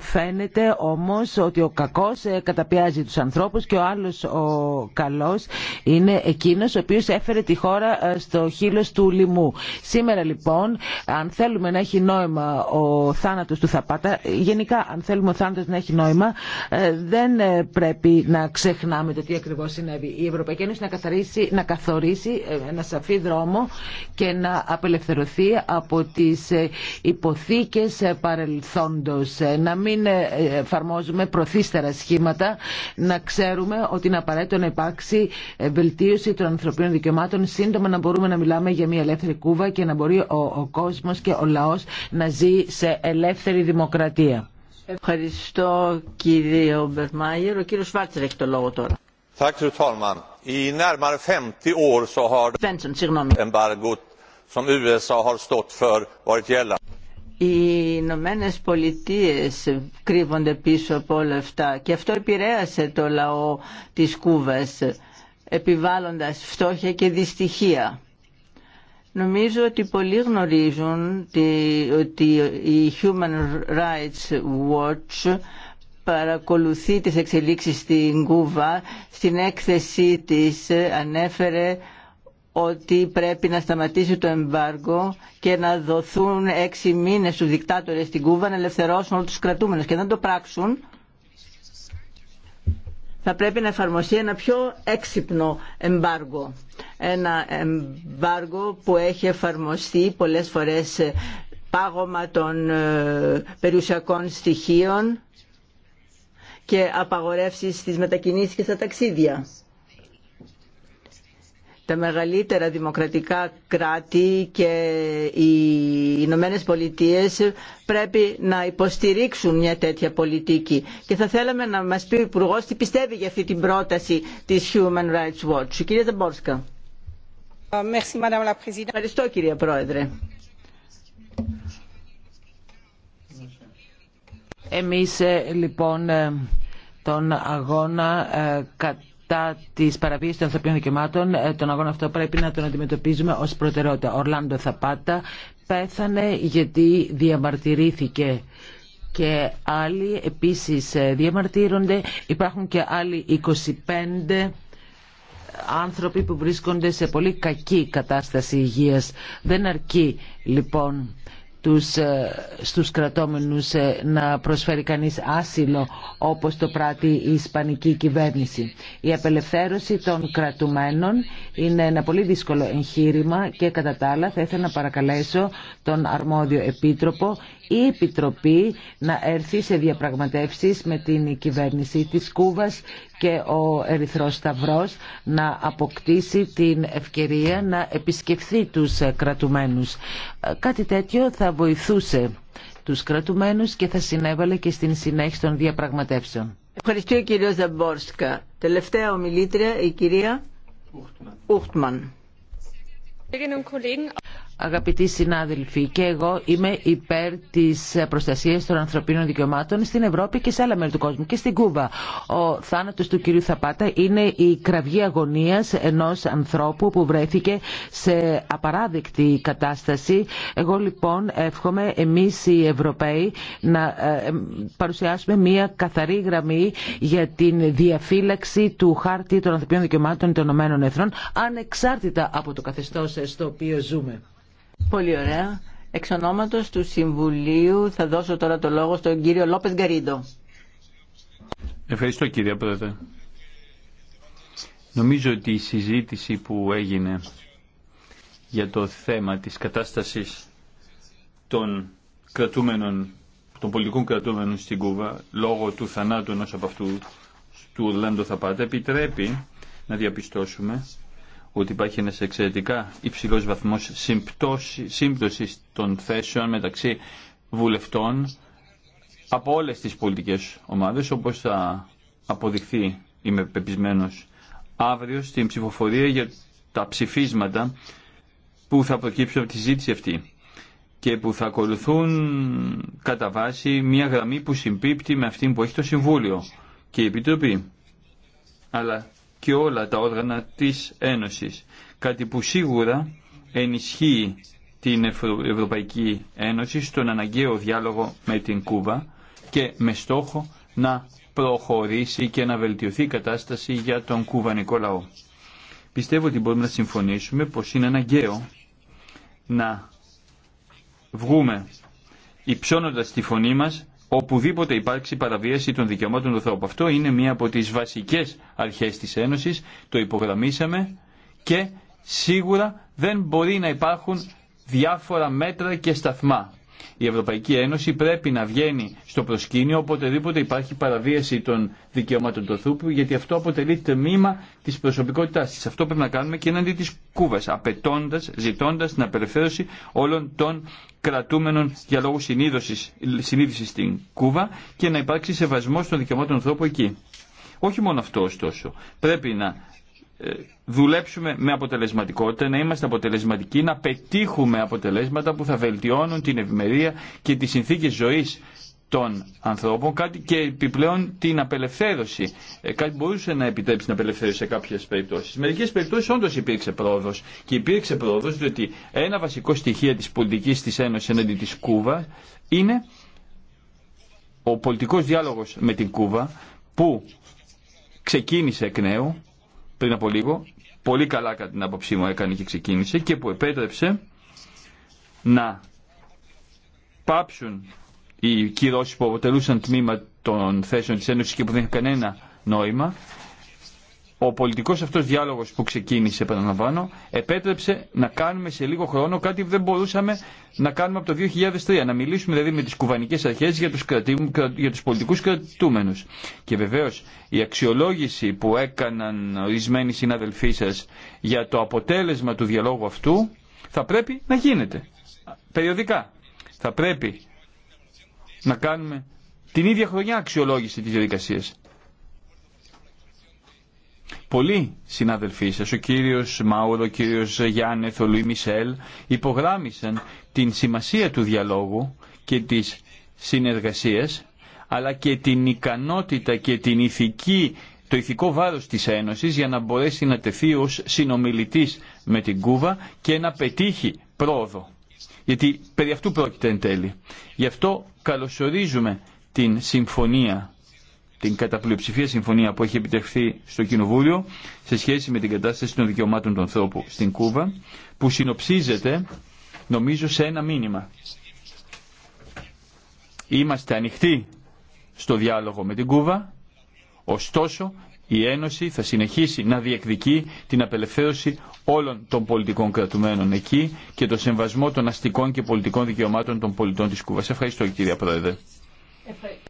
Φαίνεται όμως ότι ο κακός ε, καταπιάζει τους ανθρώπους και ο άλλος ο καλός είναι εκείνος ο οποίος έφερε τη χώρα ε, στο χείλος του λοιμού. Σήμερα λοιπόν, αν θέλουμε να έχει νόημα ο θάνατος του Θαπάτα, γενικά αν θέλουμε ο θάνατος να έχει νόημα, ε, δεν πρέπει να ξεχνάμε το τι ακριβώς συνέβη. Η Ευρωπαϊκή Ένωση να, καθαρίσει, να καθορίσει ένα σαφή δρόμο και να απελευθερωθεί από τις υποθήκες παρελθόντος. Να μην εφαρμόζουμε προθύστερα σχήματα, να ξέρουμε ότι είναι απαραίτητο να υπάρξει βελτίωση των ανθρωπίνων δικαιωμάτων, σύντομα να μπορούμε να μιλάμε για μια ελεύθερη Κούβα και να μπορεί ο, ο κόσμος και ο λαός να ζει σε ελεύθερη δημοκρατία. Ευχαριστώ κύριε Ομπερμάγερ. Ο κύριος Βάτσερ έχει το λόγο τώρα. varit gällande οι Ηνωμένε Πολιτείε κρύβονται πίσω από όλα αυτά και αυτό επηρέασε το λαό της Κούβας επιβάλλοντας φτώχεια και δυστυχία. Νομίζω ότι πολλοί γνωρίζουν ότι η Human Rights Watch παρακολουθεί τις εξελίξεις στην Κούβα. Στην έκθεσή της ανέφερε ότι πρέπει να σταματήσει το εμβάργο και να δοθούν έξι μήνες στους δικτάτορες στην Κούβα να ελευθερώσουν όλους τους κρατούμενους και να το πράξουν θα πρέπει να εφαρμοστεί ένα πιο έξυπνο εμπάργο. Ένα εμπάργο που έχει εφαρμοστεί πολλές φορές πάγωμα των ε, περιουσιακών στοιχείων και απαγορεύσεις στις μετακινήσεις και στα ταξίδια τα μεγαλύτερα δημοκρατικά κράτη και οι Ηνωμένε Πολιτείε πρέπει να υποστηρίξουν μια τέτοια πολιτική. Και θα θέλαμε να μας πει ο Υπουργό τι πιστεύει για αυτή την πρόταση της Human Rights Watch. κυρία Ζαμπόρσκα. Ευχαριστώ κυρία Πρόεδρε. Εμείς ε, λοιπόν ε, τον αγώνα ε, κατά τη παραβίαση των ανθρωπίνων δικαιωμάτων, ε, τον αγώνα αυτό πρέπει να τον αντιμετωπίζουμε ω προτεραιότητα. Ο Ορλάντο Θαπάτα πέθανε γιατί διαμαρτυρήθηκε και άλλοι επίσης ε, διαμαρτύρονται. Υπάρχουν και άλλοι 25 άνθρωποι που βρίσκονται σε πολύ κακή κατάσταση υγείας. Δεν αρκεί λοιπόν τους, ε, στους κρατόμενους ε, να προσφέρει κανείς άσυλο όπως το πράττει η Ισπανική κυβέρνηση. Η απελευθέρωση των κρατουμένων είναι ένα πολύ δύσκολο εγχείρημα και κατά τα άλλα θα ήθελα να παρακαλέσω τον αρμόδιο επίτροπο η Επιτροπή να έρθει σε διαπραγματεύσεις με την κυβέρνηση της Κούβας και ο Ερυθρός Σταυρός να αποκτήσει την ευκαιρία να επισκεφθεί τους ε, κρατουμένους. Ε, κάτι τέτοιο θα βοηθούσε τους κρατουμένους και θα συνέβαλε και στην συνέχιση των διαπραγματεύσεων. Ευχαριστώ κύριο Ζαμπόρσκα. Τελευταία ομιλήτρια η κυρία Ούχτμαν. Αγαπητοί συνάδελφοι, και εγώ είμαι υπέρ τη προστασία των ανθρωπίνων δικαιωμάτων στην Ευρώπη και σε άλλα μέρη του κόσμου και στην Κούβα. Ο θάνατο του κυρίου Θαπάτα είναι η κραυγή αγωνία ενό ανθρώπου που βρέθηκε σε απαράδεκτη κατάσταση. Εγώ λοιπόν εύχομαι εμεί οι Ευρωπαίοι να ε, παρουσιάσουμε μία καθαρή γραμμή για την διαφύλαξη του χάρτη των ανθρωπίνων δικαιωμάτων των ΗΕ ανεξάρτητα από το καθεστώ στο οποίο ζούμε. Πολύ ωραία. Εξ του Συμβουλίου θα δώσω τώρα το λόγο στον κύριο Λόπες Γκαρίντο. Ευχαριστώ κύριε Πρόεδρε. Νομίζω ότι η συζήτηση που έγινε για το θέμα της κατάστασης των κρατούμενων, των πολιτικών κρατούμενων στην Κούβα λόγω του θανάτου ενός από αυτού του θα Θαπάτα επιτρέπει να διαπιστώσουμε ότι υπάρχει ένας εξαιρετικά υψηλός βαθμός σύμπτωσης των θέσεων μεταξύ βουλευτών από όλες τις πολιτικές ομάδες, όπως θα αποδειχθεί, είμαι πεπισμένος, αύριο στην ψηφοφορία για τα ψηφίσματα που θα προκύψουν από τη ζήτηση αυτή και που θα ακολουθούν κατά βάση μια γραμμή που συμπίπτει με αυτή που έχει το Συμβούλιο και η Επιτροπή και όλα τα όργανα της Ένωσης. Κάτι που σίγουρα ενισχύει την Ευρωπαϊκή Ένωση στον αναγκαίο διάλογο με την Κούβα και με στόχο να προχωρήσει και να βελτιωθεί η κατάσταση για τον κουβανικό λαό. Πιστεύω ότι μπορούμε να συμφωνήσουμε πως είναι αναγκαίο να βγούμε υψώνοντας τη φωνή μας οπουδήποτε υπάρξει παραβίαση των δικαιωμάτων του ανθρώπου. Αυτό είναι μία από τις βασικές αρχές της Ένωσης, το υπογραμμίσαμε και σίγουρα δεν μπορεί να υπάρχουν διάφορα μέτρα και σταθμά η Ευρωπαϊκή Ένωση πρέπει να βγαίνει στο προσκήνιο οποτεδήποτε υπάρχει παραβίαση των δικαιωμάτων του ανθρώπου, γιατί αυτό αποτελεί τμήμα τη προσωπικότητά τη. Αυτό πρέπει να κάνουμε και εναντί τη Κούβα, απαιτώντα, ζητώντα την απελευθέρωση όλων των κρατούμενων για λόγου συνείδηση στην Κούβα και να υπάρξει σεβασμό των δικαιωμάτων ανθρώπου εκεί. Όχι μόνο αυτό ωστόσο. Πρέπει να δουλέψουμε με αποτελεσματικότητα, να είμαστε αποτελεσματικοί, να πετύχουμε αποτελέσματα που θα βελτιώνουν την ευημερία και τις συνθήκες ζωής των ανθρώπων, κάτι και επιπλέον την απελευθέρωση. Ε, κάτι μπορούσε να επιτρέψει την απελευθέρωση σε κάποιε περιπτώσει. Μερικέ περιπτώσει όντω υπήρξε πρόοδο. Και υπήρξε πρόοδο διότι ένα βασικό στοιχείο τη πολιτική τη Ένωση εναντί τη Κούβα είναι ο πολιτικό διάλογο με την Κούβα που ξεκίνησε εκ νέου πριν από λίγο, πολύ καλά κατά την άποψή μου έκανε και ξεκίνησε και που επέτρεψε να πάψουν οι κυρώσει που αποτελούσαν τμήμα των θέσεων της Ένωσης και που δεν είχαν κανένα νόημα ο πολιτικός αυτός διάλογος που ξεκίνησε, επαναλαμβάνω, επέτρεψε να κάνουμε σε λίγο χρόνο κάτι που δεν μπορούσαμε να κάνουμε από το 2003. Να μιλήσουμε δηλαδή με τις κουβανικές αρχές για τους, πολιτικού για πολιτικούς Και βεβαίως η αξιολόγηση που έκαναν ορισμένοι συναδελφοί σα για το αποτέλεσμα του διαλόγου αυτού θα πρέπει να γίνεται. Περιοδικά. Θα πρέπει να κάνουμε την ίδια χρονιά αξιολόγηση της διαδικασίας. Πολλοί συνάδελφοί σα, ο κύριο Μάουρο, ο κύριο Γιάννεθ, ο Λουί Μισελ, υπογράμμισαν την σημασία του διαλόγου και τη συνεργασία, αλλά και την ικανότητα και την ηθική, το ηθικό βάρος της Ένωσης για να μπορέσει να τεθεί ως συνομιλητής με την Κούβα και να πετύχει πρόοδο. Γιατί περί αυτού πρόκειται εν τέλει. Γι' αυτό καλωσορίζουμε την συμφωνία την καταπλειοψηφία συμφωνία που έχει επιτευχθεί στο Κοινοβούλιο σε σχέση με την κατάσταση των δικαιωμάτων των ανθρώπων στην Κούβα, που συνοψίζεται, νομίζω, σε ένα μήνυμα. Είμαστε ανοιχτοί στο διάλογο με την Κούβα, ωστόσο η Ένωση θα συνεχίσει να διεκδικεί την απελευθέρωση όλων των πολιτικών κρατουμένων εκεί και το σεβασμό των αστικών και πολιτικών δικαιωμάτων των πολιτών της Κούβας. Ευχαριστώ κυρία Πρόεδρε.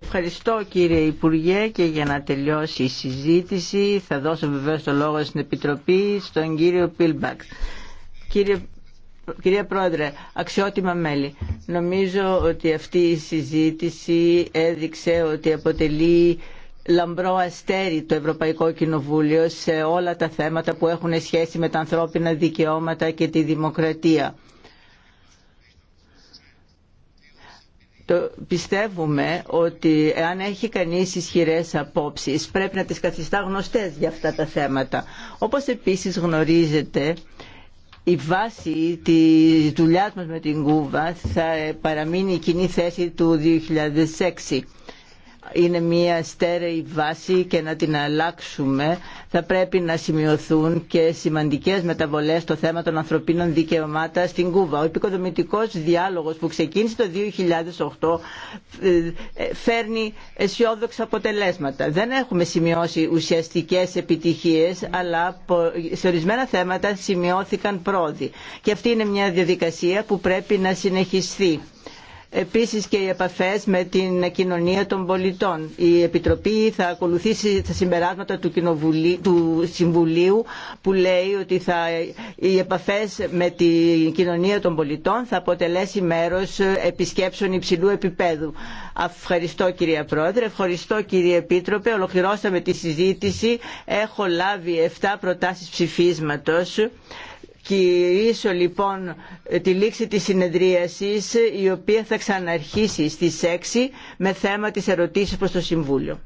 Ευχαριστώ κύριε Υπουργέ και για να τελειώσει η συζήτηση θα δώσω βεβαίω το λόγο στην Επιτροπή στον κύριο Πίλμπακ. Κύριε Κυρία Πρόεδρε, αξιότιμα μέλη, νομίζω ότι αυτή η συζήτηση έδειξε ότι αποτελεί λαμπρό αστέρι το Ευρωπαϊκό Κοινοβούλιο σε όλα τα θέματα που έχουν σχέση με τα ανθρώπινα δικαιώματα και τη δημοκρατία. πιστεύουμε ότι αν έχει κανείς ισχυρές απόψεις πρέπει να τις καθιστά γνωστές για αυτά τα θέματα. Όπως επίσης γνωρίζετε η βάση τη δουλειά μας με την Κούβα θα παραμείνει η κοινή θέση του 2006 είναι μια στέρεη βάση και να την αλλάξουμε θα πρέπει να σημειωθούν και σημαντικές μεταβολές στο θέμα των ανθρωπίνων δικαιωμάτων στην Κούβα. Ο επικοδομητικός διάλογος που ξεκίνησε το 2008 ε, φέρνει αισιόδοξα αποτελέσματα. Δεν έχουμε σημειώσει ουσιαστικές επιτυχίες αλλά σε ορισμένα θέματα σημειώθηκαν πρόοδοι. Και αυτή είναι μια διαδικασία που πρέπει να συνεχιστεί. Επίσης και οι επαφές με την κοινωνία των πολιτών. Η Επιτροπή θα ακολουθήσει τα συμπεράσματα του, του Συμβουλίου που λέει ότι θα, οι επαφές με την κοινωνία των πολιτών θα αποτελέσει μέρος επισκέψεων υψηλού επίπεδου. Ευχαριστώ κυρία Πρόεδρε, ευχαριστώ κύριε Επίτροπε. Ολοκληρώσαμε τη συζήτηση. Έχω λάβει 7 προτάσεις ψηφίσματος κηρύσω λοιπόν τη λήξη της συνεδρίασης η οποία θα ξαναρχίσει στις 6 με θέμα της ερωτήσεις προς το Συμβούλιο.